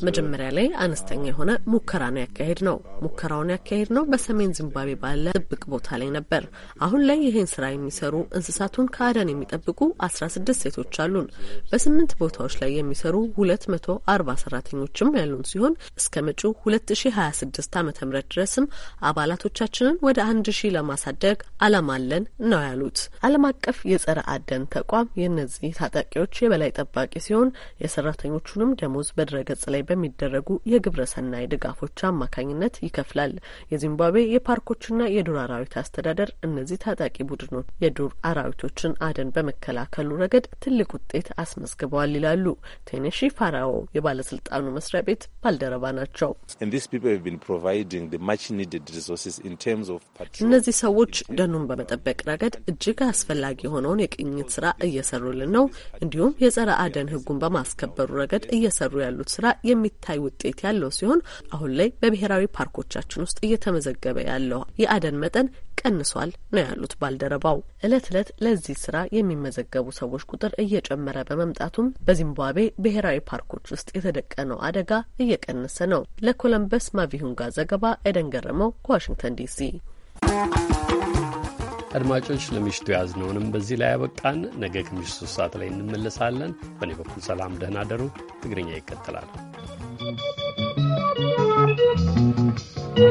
መጀመሪያ ላይ አነስተኛ የሆነ ሙከራ ነው ያካሄድ ነው። ሙከራውን ያካሄድ ነው በሰሜን ዚምባብዌ ባለ ጥብቅ ቦታ ላይ ነበር። አሁን ላይ ይህን ስራ የሚሰሩ እንስሳቱን ከአደን የሚጠብቁ አስራ ስድስት ሴቶች አሉን። በስምንት ቦታዎች ላይ የሚሰሩ ሁለት መቶ አርባ ሰራተኞችም ያሉን ሲሆን እስከ መጪው ሁለት ሺ ሀያ ስድስት አመተ ምህረት ድረስም አባላቶቻችንን ወደ አንድ ሺ ለማሳደግ አላማ አለን ነው ያሉት። አለም አቀፍ የጸረ አደን ተቋም የእነዚህ ታጣቂዎች የበላይ ጠባቂ ሲሆን የሰራተኞቹንም ደሞዝ በድረገጽ ላይ በሚደረጉ የግብረ ሰናይ ድጋፎች አማካኝነት ይከፍላል። የዚምባብዌ የፓርኮችና የዱር አራዊት አስተዳደር እነዚህ ታጣቂ ቡድኖች የዱር አራዊቶችን አደን በመከላከሉ ረገድ ትልቅ ውጤት አስመዝግበዋል ይላሉ። ቴኔሺ ፋራዎ የባለስልጣኑ መስሪያ ቤት ባልደረባ ናቸው። እነዚህ ሰዎች ደኑን በመጠበቅ ረገድ እጅግ አስፈላጊ የሆነውን የቅኝት ስራ እየሰሩልን ነው። እንዲሁም የጸረ አደን ህጉን በማስከበሩ ረገድ እየሰሩ ያሉት ስራ የሚታይ ውጤት ያለው ሲሆን አሁን ላይ በብሔራዊ ፓርኮቻችን ውስጥ እየተመዘገበ ያለው የአደን መጠን ቀንሷል ነው ያሉት ባልደረባው። እለት እለት ለዚህ ስራ የሚመዘገቡ ሰዎች ቁጥር እየጨመረ በመምጣቱም በዚምባብዌ ብሔራዊ ፓርኮች ውስጥ የተደቀነው አደጋ እየቀነሰ ነው። ለኮለምበስ ማቪሁንጋ ዘገባ ኤደን ገረመው ከዋሽንግተን ዲሲ። አድማጮች ለምሽቱ ያዝነውንም በዚህ ላይ ያበቃን። ነገ ከምሽቱ ሶስት ሰዓት ላይ እንመለሳለን። በእኔ በኩል ሰላም፣ ደህና ደሩ። ትግርኛ ይቀጥላል።